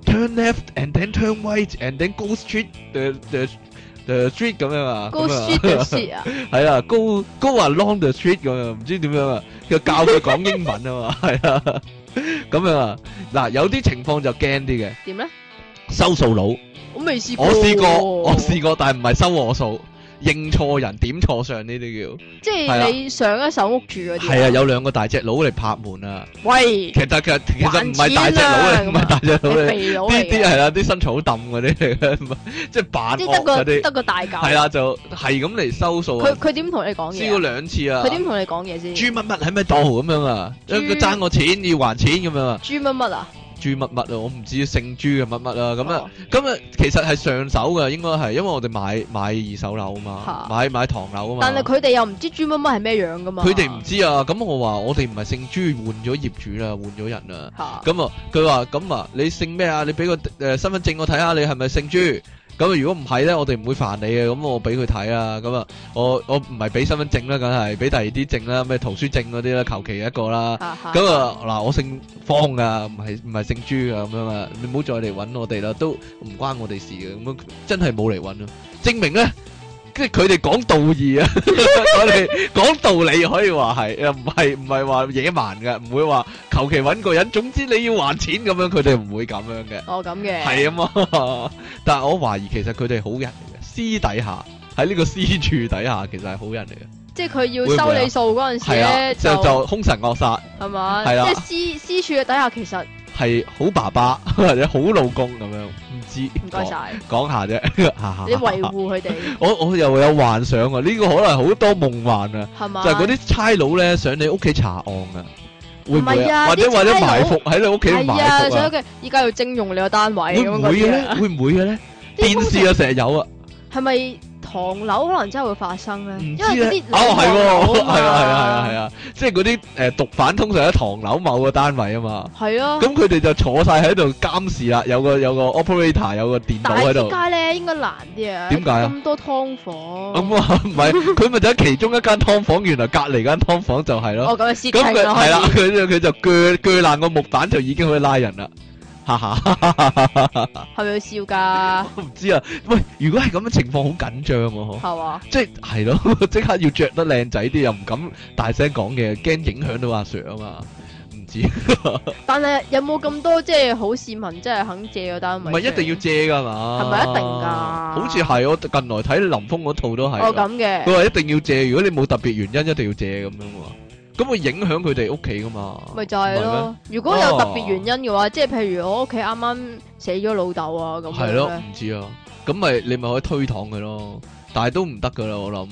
，Turn left and then turn right and then go straight the the。誒，street 咁樣嘛，咁啊，係啦，go go along the street 咁啊，唔知點樣啊，佢教佢講英文啊嘛，係啊，咁樣啊，嗱，有啲情況就驚啲嘅。點咧？收數佬，我未試過，我試過，我試過，但係唔係收我數。認錯人點錯上呢啲叫，即係你上一手屋住嗰啲。係啊，有兩個大隻佬嚟拍門啊。喂，其實其實其實唔係大隻佬嚟，唔係大隻佬嚟，呢啲係啦，啲身材好抌嗰啲，即係扮我啲得個大狗。係啦，就係咁嚟收數啊。佢佢點同你講嘢？試過兩次啊。佢點同你講嘢先？豬乜乜係咪盜咁樣啊？佢爭我錢要還錢咁樣啊？豬乜乜啊？朱乜乜啊！我唔知姓朱嘅乜乜啊！咁啊，咁啊，oh.，其實係上手噶應該係，因為我哋買買二手樓啊嘛，Ha. 買買唐樓啊嘛。但係佢哋又唔知朱乜乜係咩樣噶嘛。佢哋唔知啊！咁我話我哋唔係姓朱，換咗業主啦，換咗人啦。咁啊 Ha.，佢話咁啊，你姓咩啊？你俾個誒、呃、身份證我睇下，你係咪姓朱？咁啊！如果唔係咧，我哋唔會煩你嘅。咁我俾佢睇啊。咁啊，我我唔係俾身份證啦，梗係俾第二啲證啦，咩圖書證嗰啲啦，求其一個啦。咁啊，嗱， 我姓方噶，唔係唔係姓朱噶咁樣啊。你唔好再嚟揾我哋啦，都唔關我哋事嘅。咁啊，真係冇嚟揾咯，證明咧。即係佢哋講道義啊，我哋講道理可以話係，又唔係唔係話野蠻嘅，唔會話求其揾個人，總之你要還錢咁樣，佢哋唔會咁樣嘅。哦，咁嘅係啊嘛，是嗎 但係我懷疑其實佢哋好人嚟嘅，私底下喺呢個私處底下其實係好人嚟嘅。即係佢要收你數嗰陣時咧、啊就啊，就就凶神惡煞係嘛，即係私私處嘅底下其實係好爸爸或者 好老公咁樣。唔該晒，講講下啫，你維護佢哋。我我又有幻想啊，呢、這個可能好多夢幻啊，吧就係嗰啲差佬咧上你屋企查案啊，會唔會啊？啊或者察或者埋伏喺你屋企埋伏啊？啊所以佢依家要徵用你個單位、啊，會唔會咧？ 會唔會嘅咧？ 電視啊，成日有啊，係咪？唐樓可能真係會發生咧，因為啲哦係，係啊係啊係啊，即係嗰啲誒毒販通常喺唐樓某個單位啊嘛，係咯，咁佢哋就坐晒喺度監視啦，有個有個 operator 有個電腦喺度。點解咧？應該難啲啊，點解啊？咁多劏房，咁啊唔係，佢咪就喺其中一間劏房，原來隔籬間劏房就係咯。咁佢係啦，佢佢就鋸鋸爛個木板就已經可以拉人啦。哈哈，係咪 要笑㗎？ 我唔知啊。喂，如果係咁嘅情況，好緊張喎。係嘛？吧即係係咯，即 刻要着得靚仔啲，又唔敢大聲講嘢，驚影響到阿 Sir 啊嘛。唔知。 但係有冇咁多即係好市民，真係肯借嗰單？唔係一定要借㗎嘛？係咪一定㗎？ 好似係我近來睇林峰嗰套都係。哦咁嘅。佢話一定要借，如果你冇特別原因，一定要借咁樣喎。咁會影響佢哋屋企噶嘛？咪就係咯。如果有特別原因嘅話，啊、即係譬如我屋企啱啱死咗老豆啊，咁樣，係咯，唔知啊。咁咪你咪可以推搪佢咯。但係都唔得噶啦，我諗。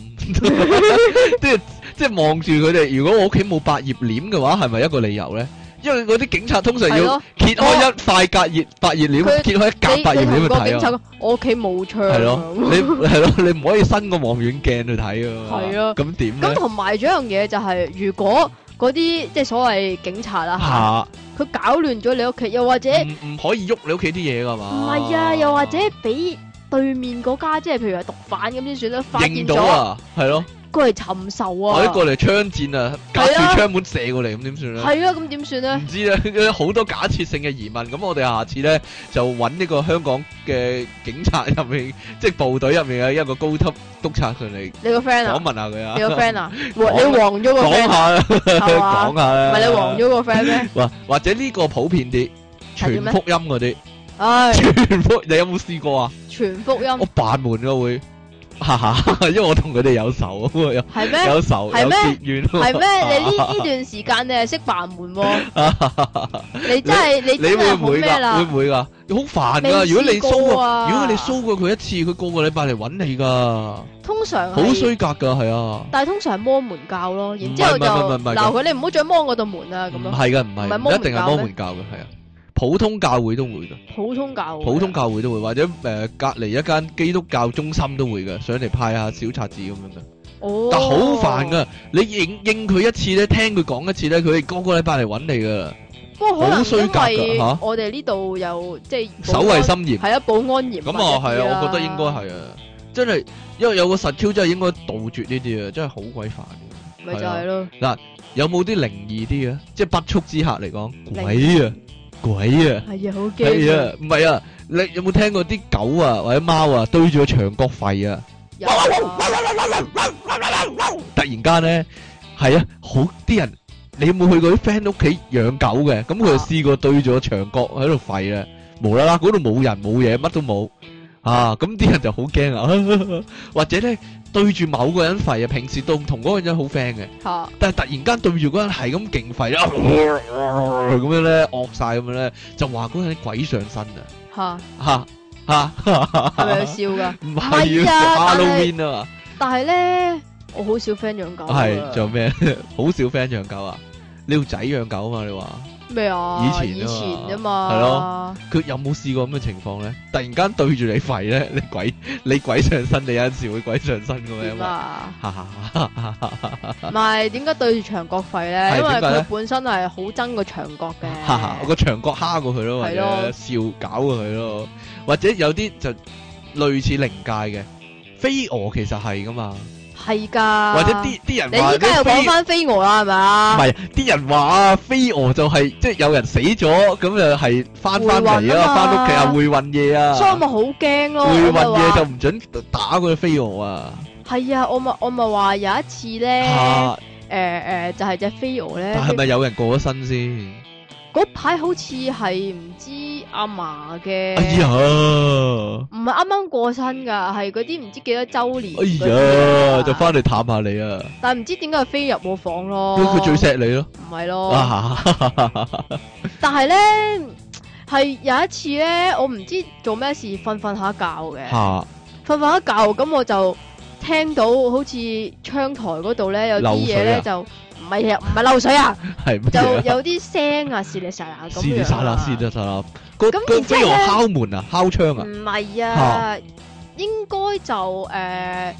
即係即係望住佢哋。如果我屋企冇百葉簾嘅話，係咪一個理由咧？因為嗰啲警察通常要揭開一塊隔熱隔熱料，揭開一隔隔熱簾去睇啊。個警察，我屋企冇窗。係咯，你係咯，你唔可以伸個望遠鏡去睇啊！係啊，咁點？咁同埋咗一樣嘢就係，如果嗰啲即係所謂警察啦，嚇佢搞亂咗你屋企，又或者唔可以喐你屋企啲嘢㗎嘛？唔係啊，又或者俾對面嗰家即係譬如係毒販咁先算啦，發現咗係咯。過嚟尋仇啊！或者過嚟槍戰啊，隔住窗門射過嚟，咁點算咧？係啊，咁點算咧？唔知咧，好多假設性嘅疑問。咁我哋下次咧就揾一個香港嘅警察入面，即係部隊入面嘅一個高級督察上嚟。你個 friend 啊？我問下佢啊。你個 friend 啊？你黃咗個 friend？講下啦，講下啦。唔係你黃咗個 friend 咩？或或者呢個普遍啲全福音嗰啲？唉，全福，你有冇試過啊？全福音，我扮門咗會。哈哈，因為我同佢哋有仇啊嘛，有仇，有孽緣，係咩？你呢呢段時間你係識煩門喎？你真係你真係會唔會噶啦？會唔會噶？好煩噶！如果你騷過，如果你騷過佢一次，佢個個禮拜嚟揾你噶。通常好衰格噶，係啊。但係通常摸門教咯，然之後就鬧佢，你唔好再摸我度門啊咁樣。唔係噶，唔係，一定係摸門教嘅，係啊。普通教會都會噶，普通教會，普通教會都會，或者誒隔籬一間基督教中心都會噶，上嚟派下小冊子咁樣噶。哦，但好煩噶，你應應佢一次咧，聽佢講一次咧，佢哋個個禮拜嚟揾你噶。不過好衰格噶吓，我哋呢度有，即係守衛森嚴，係啊，保安嚴。咁啊，係啊，我覺得應該係啊，真係因為有個實條真係應該杜絕呢啲啊，真係好鬼煩。咪就係咯。嗱，有冇啲靈異啲啊？即係不速之客嚟講，鬼啊！鬼啊！係、哎、啊，好驚啊！唔係啊，你有冇聽過啲狗啊或者貓啊堆住個牆角吠啊？啊啊突然間咧，係啊，好啲人，你有冇去過啲 friend 屋企養狗嘅？咁佢，啊、就試過堆住個牆角喺度吠啊。無啦啦嗰度冇人冇嘢乜都冇。啊，咁啲人就好驚啊哈哈，或者咧對住某個人吠啊，平時都同嗰個人好 friend 嘅，啊、但係突然間對住嗰人係咁勁吠啊，咁樣咧惡晒咁樣咧，就話嗰人鬼上身啊，吓吓吓，係、啊、咪要笑噶？唔係啊 Halloween 啊，但係咧我好少 friend 養狗。係仲有咩？好少 friend 養狗啊？你要仔養狗啊嘛？你話？咩啊？以前啊，以前啊嘛，係咯。佢有冇試過咁嘅情況咧？突然間對住你吠咧，你鬼 你鬼上身，你有陣時會鬼上身嘅咩？點啊？哈哈唔係，點解對住長角吠咧？ 因為佢本身係好憎個長角嘅。吓吓，個長角蝦過佢咯，或者、哦、笑搞過佢咯，或者有啲就類似靈界嘅飛蛾，其實係噶嘛。係噶，或者啲啲人你依家又講翻飛蛾啦，係咪飛？唔係，啲人話飛蛾就係、是、即係有人死咗，咁又係翻翻嚟啊，翻屋企啊，會運嘢啊，所以我咪好驚咯。會運嘢就唔准打嗰隻飛蛾啊。係啊，我咪我咪話有一次咧，誒誒、啊呃呃，就係、是、隻飛蛾咧。但係咪有人過咗身先？嗰排好似係唔知阿嫲嘅，哎呀，唔係啱啱過身噶，係嗰啲唔知幾多周年，哎呀，就翻嚟探下你啊！但係唔知點解佢飛入我房咯？因為佢最錫你咯，唔係咯？ 但係咧，係有一次咧，我唔知做咩事，瞓瞓下覺嘅，吓，瞓瞓下覺，咁我就。聽到好似窗台嗰度咧有啲嘢咧，就唔係呀，唔係漏水啊，就有啲聲啊，嘶嚟嘶啦咁樣。嘶嚟嘶啦，嘶嚟嘶啦，個個飛蛾敲門啊，敲窗啊。唔係啊，應該就誒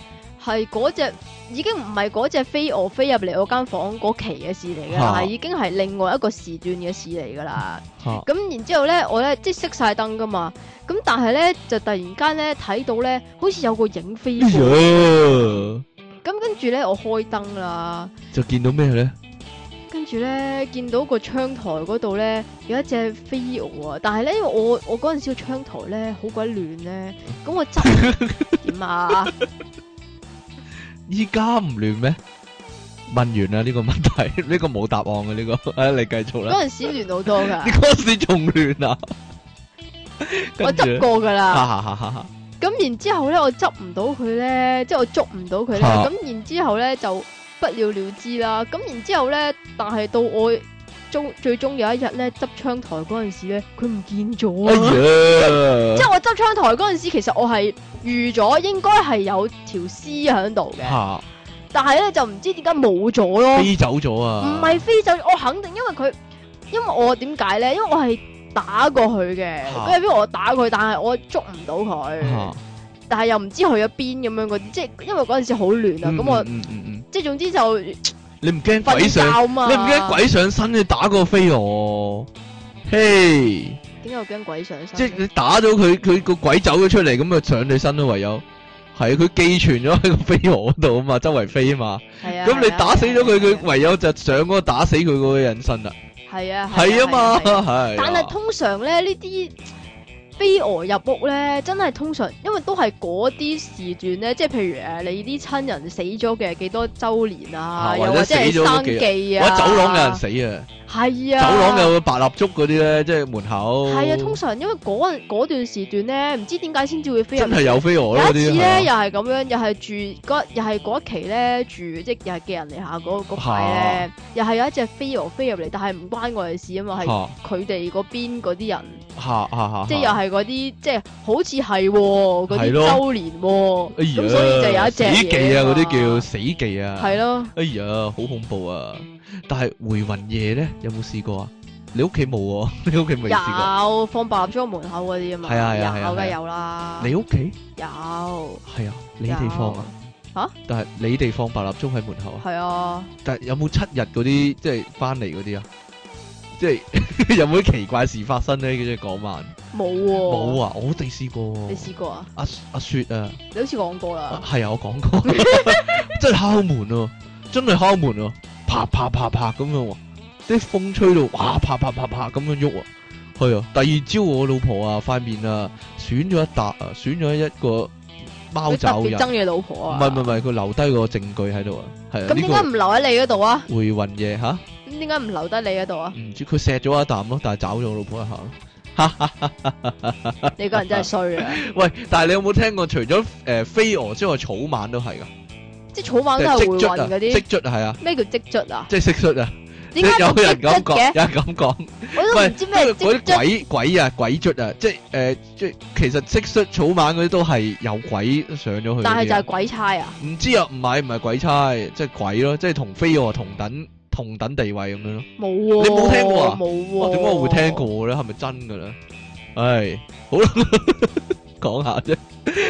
係嗰隻。已經唔係嗰隻飛蛾飛入嚟，我間房嗰期嘅事嚟噶啦哈已經係另外一個時段嘅事嚟噶啦。咁哈然之後咧，我咧即係熄晒燈噶嘛，咁但係咧就突然間咧睇到咧，好似有個影飛咁 Yeah! 跟住咧，我開燈啦，就見到咩咧？跟住咧，見到個窗台嗰度咧有一隻飛蛾，但係咧我我嗰陣時個窗台咧好鬼亂咧，咁我執點 啊？ 依家唔亂咩？問完啦，呢個問題，呢 個冇答案嘅呢個，誒 你繼續啦。嗰陣時亂好多噶，你嗰陣時仲亂啊！ 呢我執過噶啦，咁 然之後咧，我執唔到佢咧，即係我捉唔到佢咧，咁 然之後咧就不了了之啦。咁然之後咧，但係到我終最終有一日咧執窗台嗰陣時咧，佢唔見咗。即係我執窗台嗰陣時，其實我係。預咗應該係有條屍喺度嘅，哈但係咧就唔知點解冇咗咯，飛走咗啊！唔係飛走，我肯定因為佢，因為我點解咧？因為我係打過去嘅，咁入邊我打佢，但係我捉唔到佢，哈但係又唔知去咗邊咁樣嗰啲，即係因為嗰陣時好亂啊！咁我即係總之就你唔驚鬼上，你唔驚鬼上身你打過飛我，嘿、hey！點解又驚鬼上身？即係你打咗佢，佢個鬼走咗出嚟，咁咪上你身，都唯有係佢寄存咗喺個飛蛾度啊嘛，周圍飛啊嘛。咁你打死咗佢，佢唯有就上嗰個打死佢嗰個人身啦。係、嗯、啊，係啊嘛，係、啊。但係通常咧，呢啲飛蛾入屋咧，真係通常，因為都係嗰啲時段咧，即係譬如誒，你啲親人死咗嘅幾多周年啊，或者係生忌啊，或、或走廊有人死啊。係啊！走廊有白蠟燭嗰啲咧，即係門口。係啊，通常因為嗰段時段咧，唔知點解先至會飛入。真係有飛蛾嗰啲。有一次咧、啊、又係咁樣，又係住又係嗰一期咧住，即係又係寄人嚟下嗰個嗰排咧，啊、又係有一隻飛蛾飛入嚟，但係唔關我哋事啊嘛，係佢哋嗰邊嗰啲人。嚇、啊啊啊、即係又係嗰啲，即係好似係嗰啲周年喎。咁所以就有一隻死忌啊，嗰啲叫死忌啊。係咯。哎呀，好恐怖啊！但係回魂夜咧，有冇試過啊？你屋企冇喎，你屋企未試過？放白蠟燭門口嗰啲啊嘛，係啊，係啊，梗係有啦。你屋企有係啊？你哋放啊？吓？但係你哋放白蠟燭喺門口啊？係啊。但係有冇七日嗰啲即係翻嚟嗰啲啊？即係有冇啲奇怪事發生咧？佢哋講嘛？冇冇啊？我哋試過，你試過啊？阿阿雪啊，你好似講過啦。係啊，我講過，真係敲門咯，真係敲門咯。啪啪啪啪咁樣，啲風吹到，哇啪啪啪啪啪咁樣喐啊，係啊！第二朝我老婆啊塊面啊損咗一笪啊，損咗一,一個貓爪印。憎嘅老婆啊！唔係唔係，佢留低個證據喺度啊，係啊。咁點解唔留喺你嗰度啊？回魂夜吓？咁點解唔留低你嗰度啊？唔知佢錫咗一啖咯，但係找咗我老婆一下咯。 你個人真係衰啊！ 喂，但係你有冇聽過除咗誒、呃、飛蛾之外，草蜢都係噶？即係草蜢都係回魂嗰啲，積卒，積卒係啊？咩叫積卒啊？即係蟋蟀啊！點解有人咁講？有人咁講？我都唔知咩，嗰啲鬼鬼啊，鬼卒啊，即係誒，即係其實蟋蟀草蜢嗰啲都係有鬼上咗去。但係就係鬼差啊？唔知啊，唔係唔係鬼差，即係鬼咯，即係同飛蛾同等同等地位咁樣咯。冇，你冇聽過啊？冇，點解我會聽過咧？係咪真噶咧？唉，好啦。講下啫，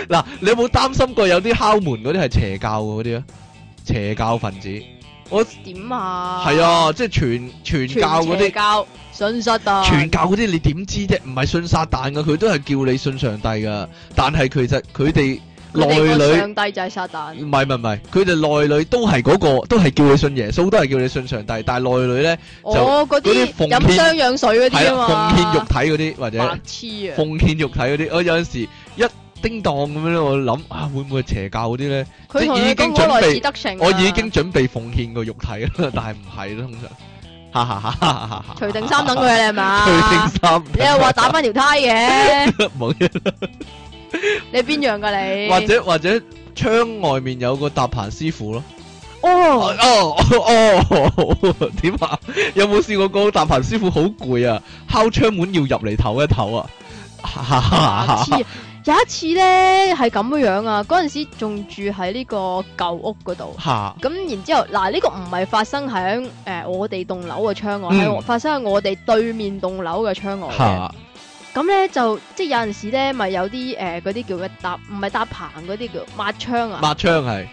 嗱， 你有冇擔心過有啲敲門嗰啲係邪教嗰啲啊？邪教分子，我點啊？係啊，即係傳傳教嗰啲，邪教，信失啊，傳教嗰啲你點知啫？唔係信撒旦噶，佢都係叫你信上帝噶，嗯、但係其實佢哋。內裏上帝就係撒旦，唔係唔係唔係，佢哋內裏都係嗰個，都係叫你信耶穌，都係叫你信上帝。但係內裏咧，我嗰啲飲雙氧水嗰啲啊嘛，奉獻肉體嗰啲或者奉獻肉體嗰啲，我有陣時一叮當咁樣我諗，啊會唔會邪教嗰啲咧？佢同你講我來自德城，我已經準備奉獻個肉體啦，但係唔係啦，通常哈哈哈哈哈哈。除定三等佢係咪啊？除定三，你又話打翻條胎嘅？冇嘢。你邊樣噶、啊、你？ 或者或者窗外面有個搭棚師傅咯。哦哦哦，點啊？有冇試過個搭棚師傅好攰啊？敲窗門要入嚟唞一唞啊， 啊？有一次呢，有一次咧係咁樣樣啊。嗰陣時仲住喺呢個舊屋嗰度。吓咁 然之後嗱，呢、啊這個唔係發生喺誒、呃、我哋棟樓嘅窗外，發生喺我哋對面棟樓嘅窗外嘅。 咁咧就即係有陣時咧，咪有啲誒嗰啲叫咩搭？唔係搭棚，嗰啲叫抹窗啊！抹窗係，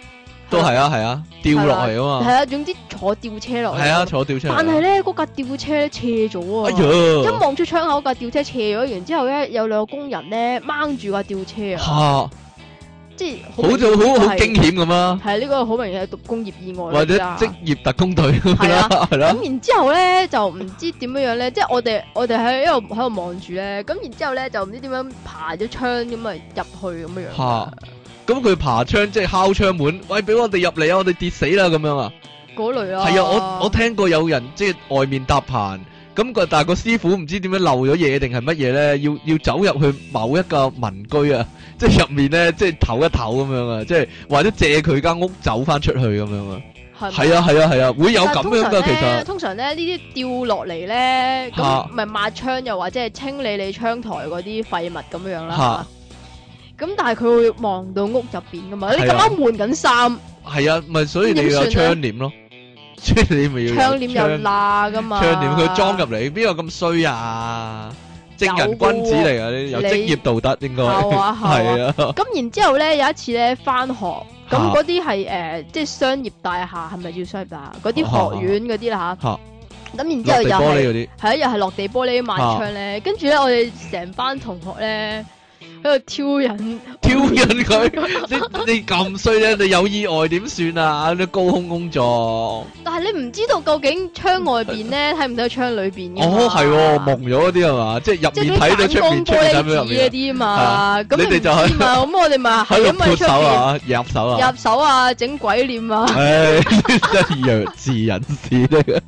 都係啊，係啊，啊吊落嚟啊嘛。係啊，總之坐吊車落、啊。嚟。係啊，坐吊車但呢。但係咧嗰架吊車咧斜咗啊！哎、呀一望出窗口，架吊車斜咗，然之後咧有兩個工人咧掹住架吊車啊！即係好就好好驚險咁啊！係啊，呢個好容易係讀工業意外啦。或者職業特工隊咁啦，係咯。咁然之後咧，就唔知點樣樣咧，即係我哋我哋喺度喺度望住咧，咁然之後咧就唔知點樣爬咗窗咁啊入去咁樣樣。嚇！咁佢爬窗即係敲窗門，喂！俾我哋入嚟啊！我哋跌死啦咁樣啊！嗰類啊！係啊！我我聽過有人即係外面搭棚，咁個但係個師傅唔知點樣漏咗嘢定係乜嘢咧？要要走入去某一個民居啊！即係入面咧，即係唞一唞咁樣啊！即係或者借佢間屋走返出去咁樣嗎啊。係啊係啊係啊，會有咁樣噶。其實通常咧呢啲掉落嚟咧，咁咪、啊、抹窗又或者係清理你窗台嗰啲廢物咁樣啦。咁、啊、但係佢會望到屋入邊噶嘛？你咁啱換緊衫。係啊，咪、啊啊，所以你要有窗簾咯。 你窗你咪要窗簾有罅噶嘛？ 窗簾佢裝入嚟，邊個咁衰啊？正人君子嚟噶，有，的有職業道德應該你，係啊。咁、啊、 然之後咧，有一次咧返學，咁嗰啲係誒，即係商業大廈，係咪叫商業大廈？嗰啲學院嗰啲啦嚇。咁 然之後又係，係啊，又係落地玻璃，啊、地玻璃漫窗咧。 跟住咧，我哋成班同學咧。喺度挑釁，挑釁佢，你你咁衰咧，你有意外點算啊？啲高空工作，但係你唔知道究竟窗外邊咧睇唔睇到窗裏邊哦，係喎，蒙咗嗰啲係嘛，即係入面睇到出邊出嚟嘅啲啊嘛，咁你哋就係咁，我哋咪喺度撥手啊，入手啊，入手啊，整鬼臉啊，唉，陰陽人是的。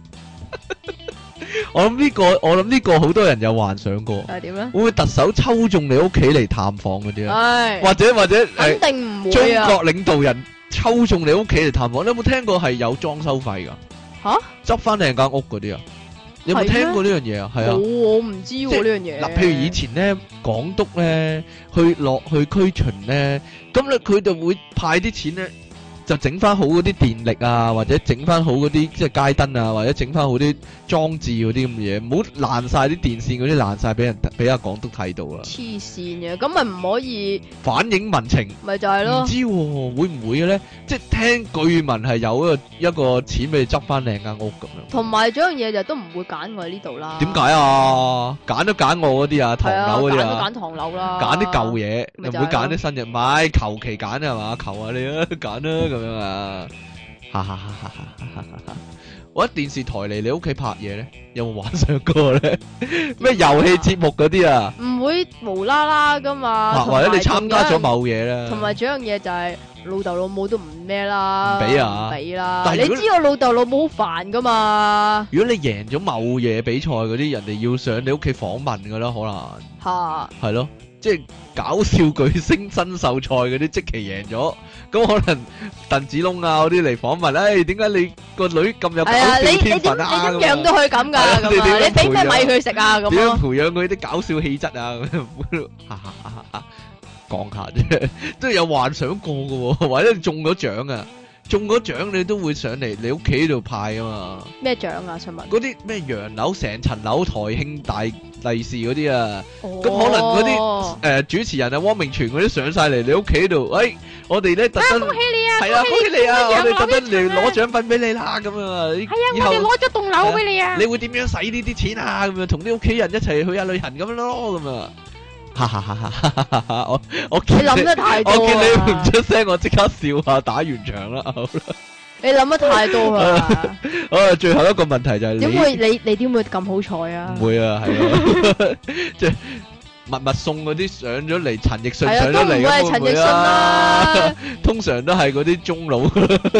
我諗呢、個，我諗呢個好多人有幻想過。係點咧？會唔會特首抽中你屋企嚟探訪嗰啲咧？或者或者，肯定唔會啊，中國領導人抽中你屋企嚟探訪，你有冇聽過係有裝修費噶？吓，執翻你間屋嗰啲啊？你嗎你有冇聽過呢樣嘢啊？係啊，我唔知呢樣嘢。嗱，譬如以前咧，港督咧去落去區巡咧，咁咧佢就會派啲錢咧。就整翻好嗰啲電力啊，或者整翻好嗰啲即係街燈啊，或者整翻好啲裝置嗰啲咁嘅嘢，唔好爛晒啲電線嗰啲爛晒，俾人俾阿港督睇到啦。黐線嘅，咁咪唔可以反映民情，咪就係咯。唔知會唔會嘅咧，即係聽據聞係有一個一個錢俾你執翻兩間屋咁樣。同埋仲有樣嘢就都唔會揀我喺呢度啦。點解啊？揀都揀我嗰啲啊，唐樓嗰啲啊。揀都揀唐樓啦。揀啲舊嘢，唔會揀啲新嘅。唔係，求其揀啊嘛，求下你啊，揀啊。咁樣啊，哈哈哈！我喺電視台嚟你屋企拍嘢咧，有冇幻想過咧？咩遊戲節目嗰啲啊？唔會無啦啦噶嘛？或者你參加咗某嘢咧？同埋，仲有樣嘢就係老豆老母都唔咩啦？畀啊，畀啦！但你知我老豆老母好煩噶嘛？如果你贏咗某嘢比賽嗰啲，人哋要上你屋企訪問噶啦，可能吓係、啊、咯，即係搞笑巨星新秀賽嗰啲，即期贏咗。咁、嗯、可能鄧子聰啊嗰啲嚟訪問，唉、哎，點解你個女咁有你一樣都可以咁噶？你俾乜米佢食啊？咁樣培養佢啲搞笑氣質啊！哈哈，講下啫，都有幻想過噶，或者你中咗獎啊！中咗獎你都會上嚟你屋企度派啊嘛？咩獎啊？想問？嗰啲咩洋樓成層樓台慶大利是嗰啲啊？咁可能嗰啲誒，主持人啊，汪明荃嗰啲上晒嚟你屋企度，哎，我哋咧特登，係啊恭喜你啊，恭喜你啊，我哋特登嚟攞獎品俾你啦，咁啊，係啊，我哋攞咗棟樓俾你啊。你會點樣使呢啲錢啊？咁啊，同啲屋企人一齊去下旅行咁咯，咁啊。哈哈哈！哈， 我我你諗得太多，我見你唔出聲，我即刻笑下打完場啦，好啦。你諗得太多啦。好， 最後一個問題就係點會你你點會咁好彩啊？唔會啊，係即、啊。 默默送嗰啲上咗嚟，陳奕迅都唔會係陳奕迅啦，通常都係嗰啲中老，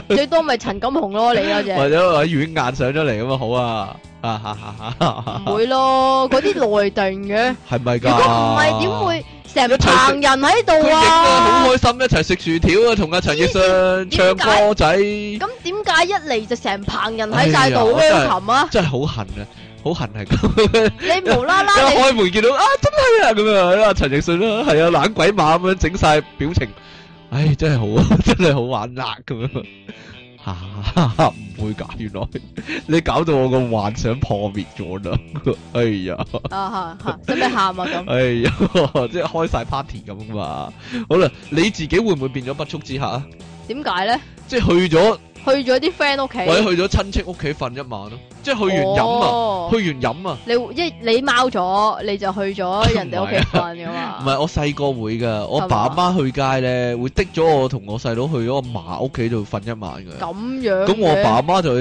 最多咪陳錦雄咯，你嗰隻。或者喺軟硬上咗嚟咁啊，好啊，哈哈哈！唔會咯，嗰啲內定嘅，係咪？如果唔係，點會成棚人喺度啊？好開心，一齊食薯條啊，同阿陳奕迅唱歌仔。咁點解一嚟就成棚人喺晒度拉琴啊？真係好痕啊。好恨係，咁你無啦啦開門見到啊，真係啊咁啊，陳奕迅啦，係啊懶鬼馬咁樣整晒表情，唉真係好，真係好玩啦咁樣，吓唔會噶，原、啊、來、啊啊啊、你搞到我個幻想破滅咗啦，哎呀，吓吓想咪喊啊咁，哎、啊、呀、啊啊 嗯啊，即係開晒 party 咁嘛，好啦，你自己會唔會變咗不速之客啊？點解咧？即係去咗。去咗啲 friend 屋企，或者去咗親戚屋企瞓一晚咯，即係去,、哦、去完飲啊，去完飲啊，你一你貓咗，你就去咗人哋屋企瞓噶嘛？唔係、啊啊，我細個會噶，我爸媽去街咧會的咗我同我細佬去咗我嫲屋企度瞓一晚噶。咁樣咁，我爸媽就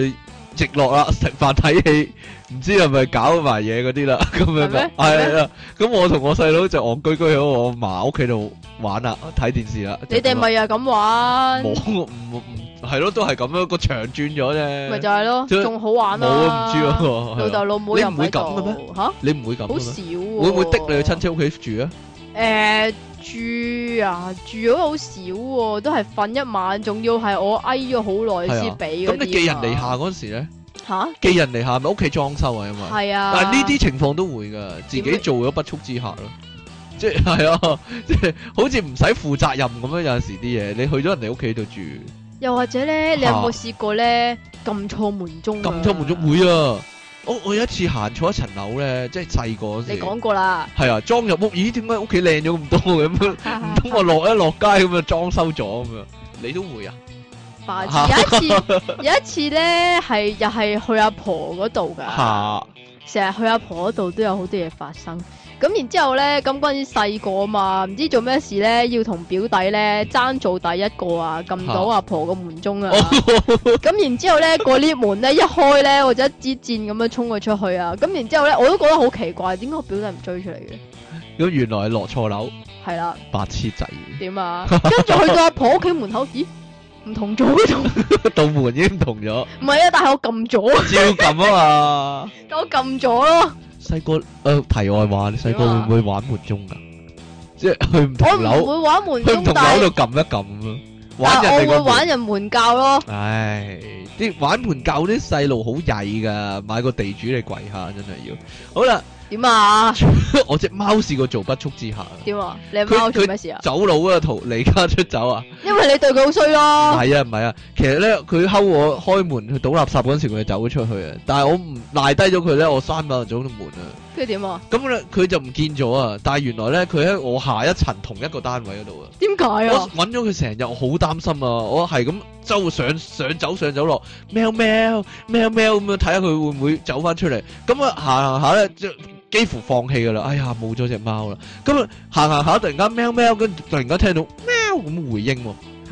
直落啦，食飯睇戲，唔知係咪搞埋嘢嗰啲啦，咁 樣噶說，係啦。咁、哎、 我同我細佬就戇居居喺我嫲屋企度玩啦、啊，睇電視啦、啊。你哋咪又咁玩？冇，係咯，都係咁樣個場轉咗啫。咪就係咯，仲好玩咯。我唔知啊。老豆老母又喺度。你唔會咁嘅咩？吓？你唔會咁？好少。會唔會的？你去親戚屋企住啊？誒，住啊，住咗好少，都係瞓一晚，仲要係我哎咗好耐先俾。咁你寄人籬下嗰陣時咧？吓？寄人籬下咪屋企裝修啊嘛。係啊。但係呢啲情況都會噶，自己做咗不速之客咯。即係，係咯，即係，好似唔使負責任咁樣。有陣時啲嘢，你去咗人哋屋企度住。又或者咧，哈你有冇試過咧撳錯門鐘？撳錯門鐘會啊！我我有一次行錯一層樓咧，即係細個嗰時。你講過啦。係啊，裝入屋，咦？點解屋企靚咗咁多嘅？唔通我落一落街咁就裝修咗咁啊？你都會啊？有一次，有哈一次咧，係又係去阿婆嗰度噶。吓哈！成日去阿婆嗰度都有好多嘢發生。咁然之後咧，咁嗰陣時細個啊嘛，唔知做咩事咧，要同表弟咧爭做第一個啊，撳到阿婆個門鐘啊。咁然之後咧，過呢門咧一開咧，或者一支箭咁樣衝佢出去啊。咁然之後咧，我都覺得好奇怪，點解我表弟唔追出嚟嘅？咁原來係落錯樓，係啦，白痴仔。點啊？跟住去到阿婆屋企門口，咦？唔同咗，道門已經唔同咗。唔係啊，但係我撳咗，照要撳啊嘛。但我撳咗咯。細個誒，題、呃、外話，你細個會唔會玩門鐘噶、啊？即 係去唔同樓，會玩門去唔同樓度撳一撳咁咯。但係我會玩人門教咯。唉，啲玩門教啲細路好曳噶，買個地主嚟跪下，真係要好啦。點啊！我隻貓試過做不速之客。點啊？你貓做咩事啊？走佬啊！逃離家出走啊！因為你對佢好衰咯。係啊，唔係啊。其實咧，佢睺我開門去倒垃圾嗰陣時，佢就走咗出去啊。但係我唔賴低咗佢咧，我閂咗個總門啊。跟住點啊？咁咧，佢就唔見咗啊！但係原來咧，佢喺我下一層同一個單位嗰度啊。點解啊？我搵咗佢成日，我好擔心啊！我係咁周上上走上走落，喵喵喵喵咁樣睇下佢會唔會走翻出嚟。咁啊，行行下咧就。幾乎放棄噶啦，哎呀，冇咗隻貓啦。咁行行下，突然間喵喵，跟突然間聽到喵咁回應，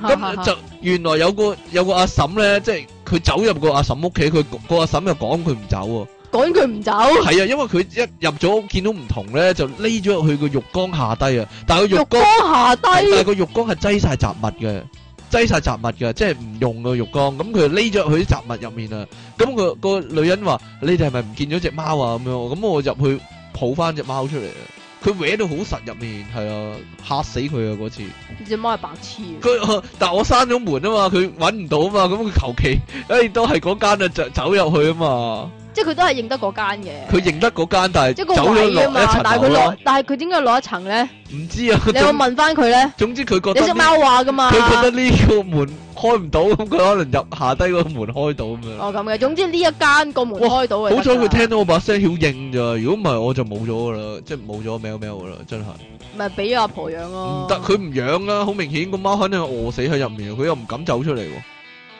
咁就原來有個有個阿嬸咧，即係佢走入個阿嬸屋企，佢個阿嬸又趕佢唔走，趕佢唔走，係啊，因為佢一入咗屋，見到唔同咧，就匿咗入去個浴缸下低啊，但係個浴、浴缸下低，但係個浴缸係擠晒雜物嘅。擠晒雜物噶，即係唔用個浴缸，咁佢就匿咗佢啲雜物入面啊！咁個個女人話：你哋係咪唔見咗隻貓啊？咁樣，咁我入去抱翻隻貓出嚟啊！佢歪到好實入面，係啊，嚇死佢啊！嗰次隻貓係白痴，佢但係我閂咗門啊嘛，佢搵唔到啊嘛，咁佢求其，誒，都係嗰間啊，就走入去啊嘛。即係佢都係認得嗰間嘅，佢認得嗰間，但係走咗落一，但係佢落，但係佢點解攞一層咧？唔知啊！你有問翻佢咧。總之佢覺得，有隻貓話噶嘛？佢覺得呢個門開唔到，咁佢可能入下低個門開到咁樣。哦咁嘅，總之呢一間個門開到嘅。好彩佢聽到我把聲好應咋，如果唔係我就冇咗噶啦，即係冇咗喵喵噶啦，真係。咪係俾咗阿婆養咯。唔得，佢唔養啦，好明顯個貓肯定餓死喺入面。佢又唔敢走出嚟。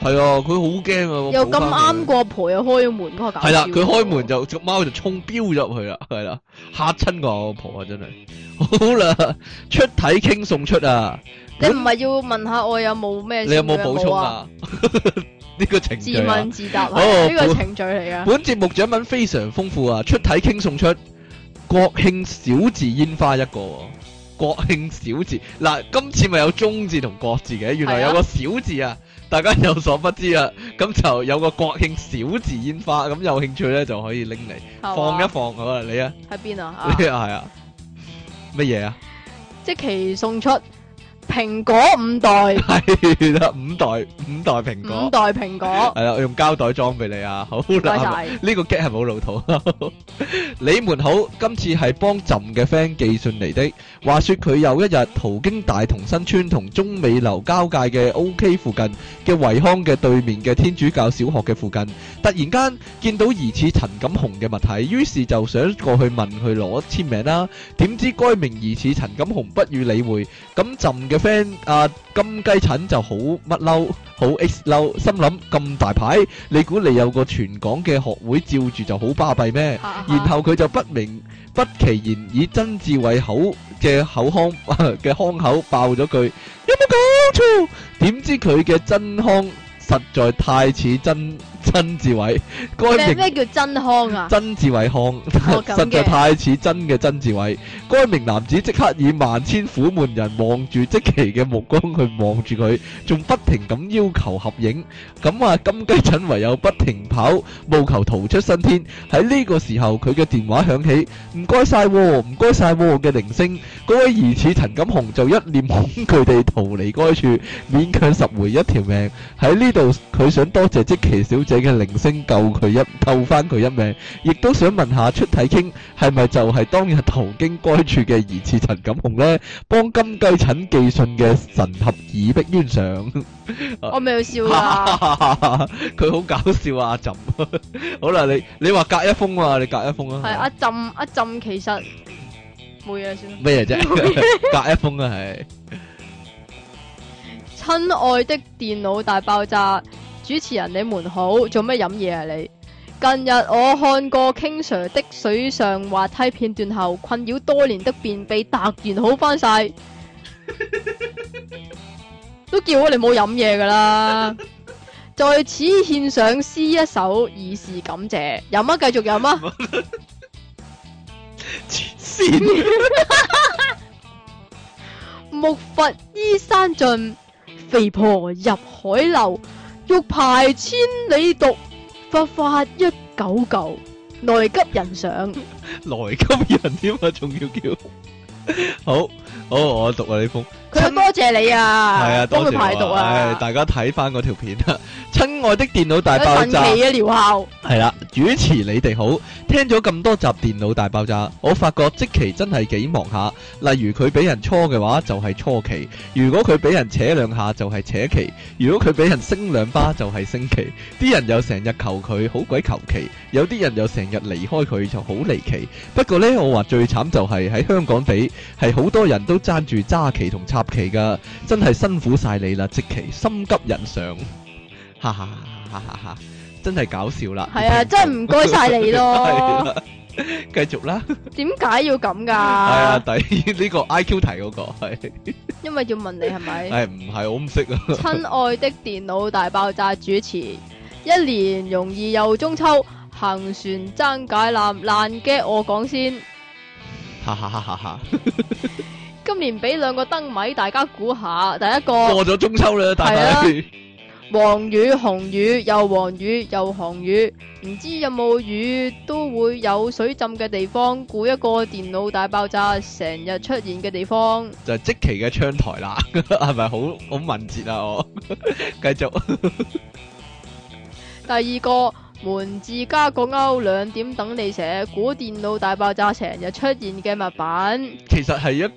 係啊，佢好驚啊！又咁啱，阿婆又開咗門個，咁啊！係啦，佢開門就隻貓就衝飆入去啦，係啦，嚇親個阿婆啊！婆婆真係好啦，出體 King 送出啊！你唔係要問下我有冇咩？你有冇補充啊？呢、啊、 個程序、啊、自問自答，呢個、啊、本程序嚟噶。本節目獎品非常豐富啊！出體 King 送出國慶小字煙花一個、啊，國慶小字嗱，今次咪有中字同國字嘅，原來有個小字啊！大家有所不知啊，咁就有個國慶小字煙花，咁有興趣咧，就可以拎嚟放一放，好啊，你啊？喺邊啊？呢個係啊？乜嘢啊？即期送出蘋果五代，係啦，五代五代蘋果，五代蘋果，係啦，我用膠袋裝俾你啊，好啦，呢個 gift 係冇老土，你們好，今次係幫朕嘅 friend 寄信嚟的。話說佢有一日途經大同新村同中美樓交界嘅 OK 附近嘅維康嘅對面嘅天主教小學嘅附近，突然間見到疑似陳錦雄嘅物體，於是就想過去問佢攞簽名啦，啊。點知該名疑似陳錦雄不予理會，咁朕嘅 friend 阿金雞疹就好乜嬲。好 X 嬲，心諗咁大牌，你估你有個全港嘅學會照住就好巴閉咩？然後佢就不明不其然以曾志偉口嘅口腔嘅腔口爆咗句有冇搞錯？點知佢嘅真腔實在太似真。曾志偉，咩咩叫曾康啊？曾志偉康，實在太似真嘅曾志偉。該名男子即刻以萬千苦悶人望住積淇嘅目光去望住佢，仲不停咁要求合影。咁啊，金雞仔唯有不停跑，務求逃出生天。喺呢個時候，佢嘅電話響起，唔該晒，唔該晒嘅鈴聲。嗰、啊、位疑似陳錦雄就一臉恐懼地逃離該處，勉強拾回一條命。喺呢度，佢想多謝積淇小者嘅鈴聲救佢一救，翻佢一命，亦都想問下出體 King 係咪就係當日途經該處嘅疑似陳錦雄呢？幫金雞陳寄信嘅神俠耳壁冤上，我未笑啊！佢好搞笑啊！阿朕，好啦，你你話隔一封啊，你隔一封啊，係阿朕阿朕，其實冇嘢算，咩嘢啫？隔一封啊，係親愛的電腦大爆炸。.主持人，你們好，做咩飲嘢啊？你近日我看過 King Sir 的水上滑梯片段後，困擾多年的便秘突然好翻晒， 都叫我你冇飲嘢噶啦。 在此獻上詩一首以示感謝，飲啊繼續飲啊。先，木佛依山盡，肥婆入海流。欲排千里毒，不發一九九，來急人上，來急人添啊！仲要叫，好好我讀啊呢封。佢多謝你啊，幫佢、啊啊、排毒啊、哎！大家睇翻嗰條片啦，親 愛的電腦大爆炸。神奇嘅療效係啦，主持你哋好，聽咗咁多集《電腦大爆炸》，我發覺即期真係幾忙下。例如佢俾人搓嘅話就係、是、初期，如果佢俾人扯兩下就係、是、扯期，如果佢俾人升兩、就是、巴就係、是、升期。啲 人又成日求佢，好鬼求其；有啲人又成日離開佢，就好離奇。不過呢，我話最慘就係、是、喺香港比，係好多人都爭住揸旗同合期噶，真係辛苦晒你啦！即期心急人上，哈哈哈！真係搞笑啦，係啊，真係唔該晒你咯。繼續啦，點解要咁噶？係啊，第呢個 I Q 題嗰個係， 為啊、 因為要問你係咪？係唔係我唔識啊？親 愛的電腦大爆炸主持，一年容易又中秋，行船爭解難，難嘅我講先，哈哈哈哈！今年俾兩個燈謎，大家估下。第一個過咗中秋咧，大大、啊、 黃雨、紅雨又黃雨又紅雨，唔知有冇雨都會有水浸嘅地方。估一個電腦大爆炸成日出現嘅地方，就係積淇嘅窗台啦。係咪好好文捷啊？我繼 繼續 第二個。門字加個勾，兩點等你寫。古電腦大爆炸成日出現嘅物品。其實係一，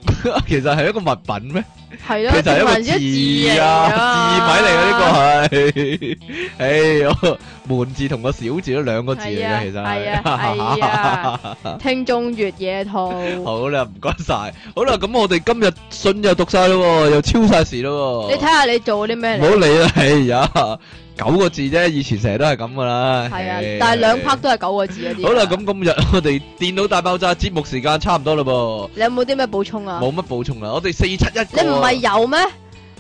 其實係一個物品咩？係咯，其實係一個字，一字啊。字體嚟嘅呢個係。哎呀，門字同個小字都兩個字嚟嘅，其實係啊。聽眾越野兔。好啦，唔該晒。好啦，咁我哋今日信又讀晒咯，又超晒時咯。你睇下你做啲咩？唔好理啦，哎呀。九個字啫，以前成日都係咁噶啦。係啊，但係兩 part 都係九個字啊啲。 好啦的，咁的今日我哋電腦大爆炸節目時間差唔多啦噃。你有冇啲咩補充啊？冇乜補充啊，我哋四七一、啊。你唔係有咩？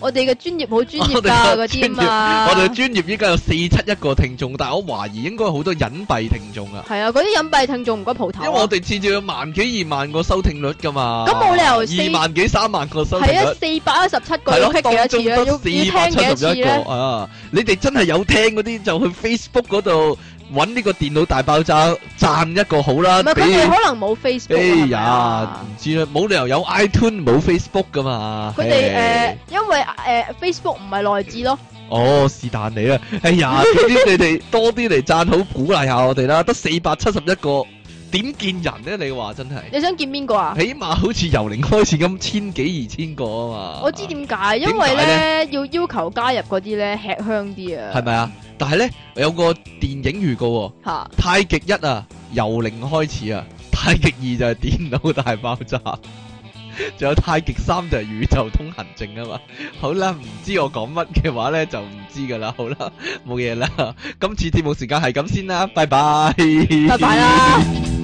我哋嘅專業好專業㗎嗰啲嘛，我哋嘅專業依家有四七一個聽眾，但我懷疑應該好多隱蔽聽眾啊。係啊，嗰啲隱蔽聽眾唔該蒲頭。因為我哋至少有萬幾二萬個收聽率㗎嘛。咁冇理由二萬幾三萬個收聽率。係 啊，四百一十七個 click 幾多次啊？要聽幾多次咧？啊，你哋真係有聽嗰啲就去 Facebook 嗰度。搵呢個電腦大爆炸讚一個好啦，唔係佢哋可能冇 Facebook。哎呀，唔知啦，冇理由有 iTunes 冇 Facebook 噶嘛。佢哋誒，因為誒 Facebook 唔係內置咯。哦，是但你啊，哎呀，唔知你哋多啲嚟讚好鼓勵下我哋啦，得四百七十一個，點見人咧？你話真係你想見邊個啊？起碼好似由零開始咁千幾二千個啊嘛。我知點解，因為咧要要求加入嗰啲咧吃香啲啊。係咪啊？但係咧，有個電影預告，哦，哈太極一啊，由零開始啊，太極二就係電腦大爆炸，仲 有太極三就係宇宙通行證啊嘛。 好啦，唔知我講乜嘅話咧，就唔知噶啦。好啦，冇嘢啦，今次節目時間係咁先啦，拜拜，拜拜啦，啊。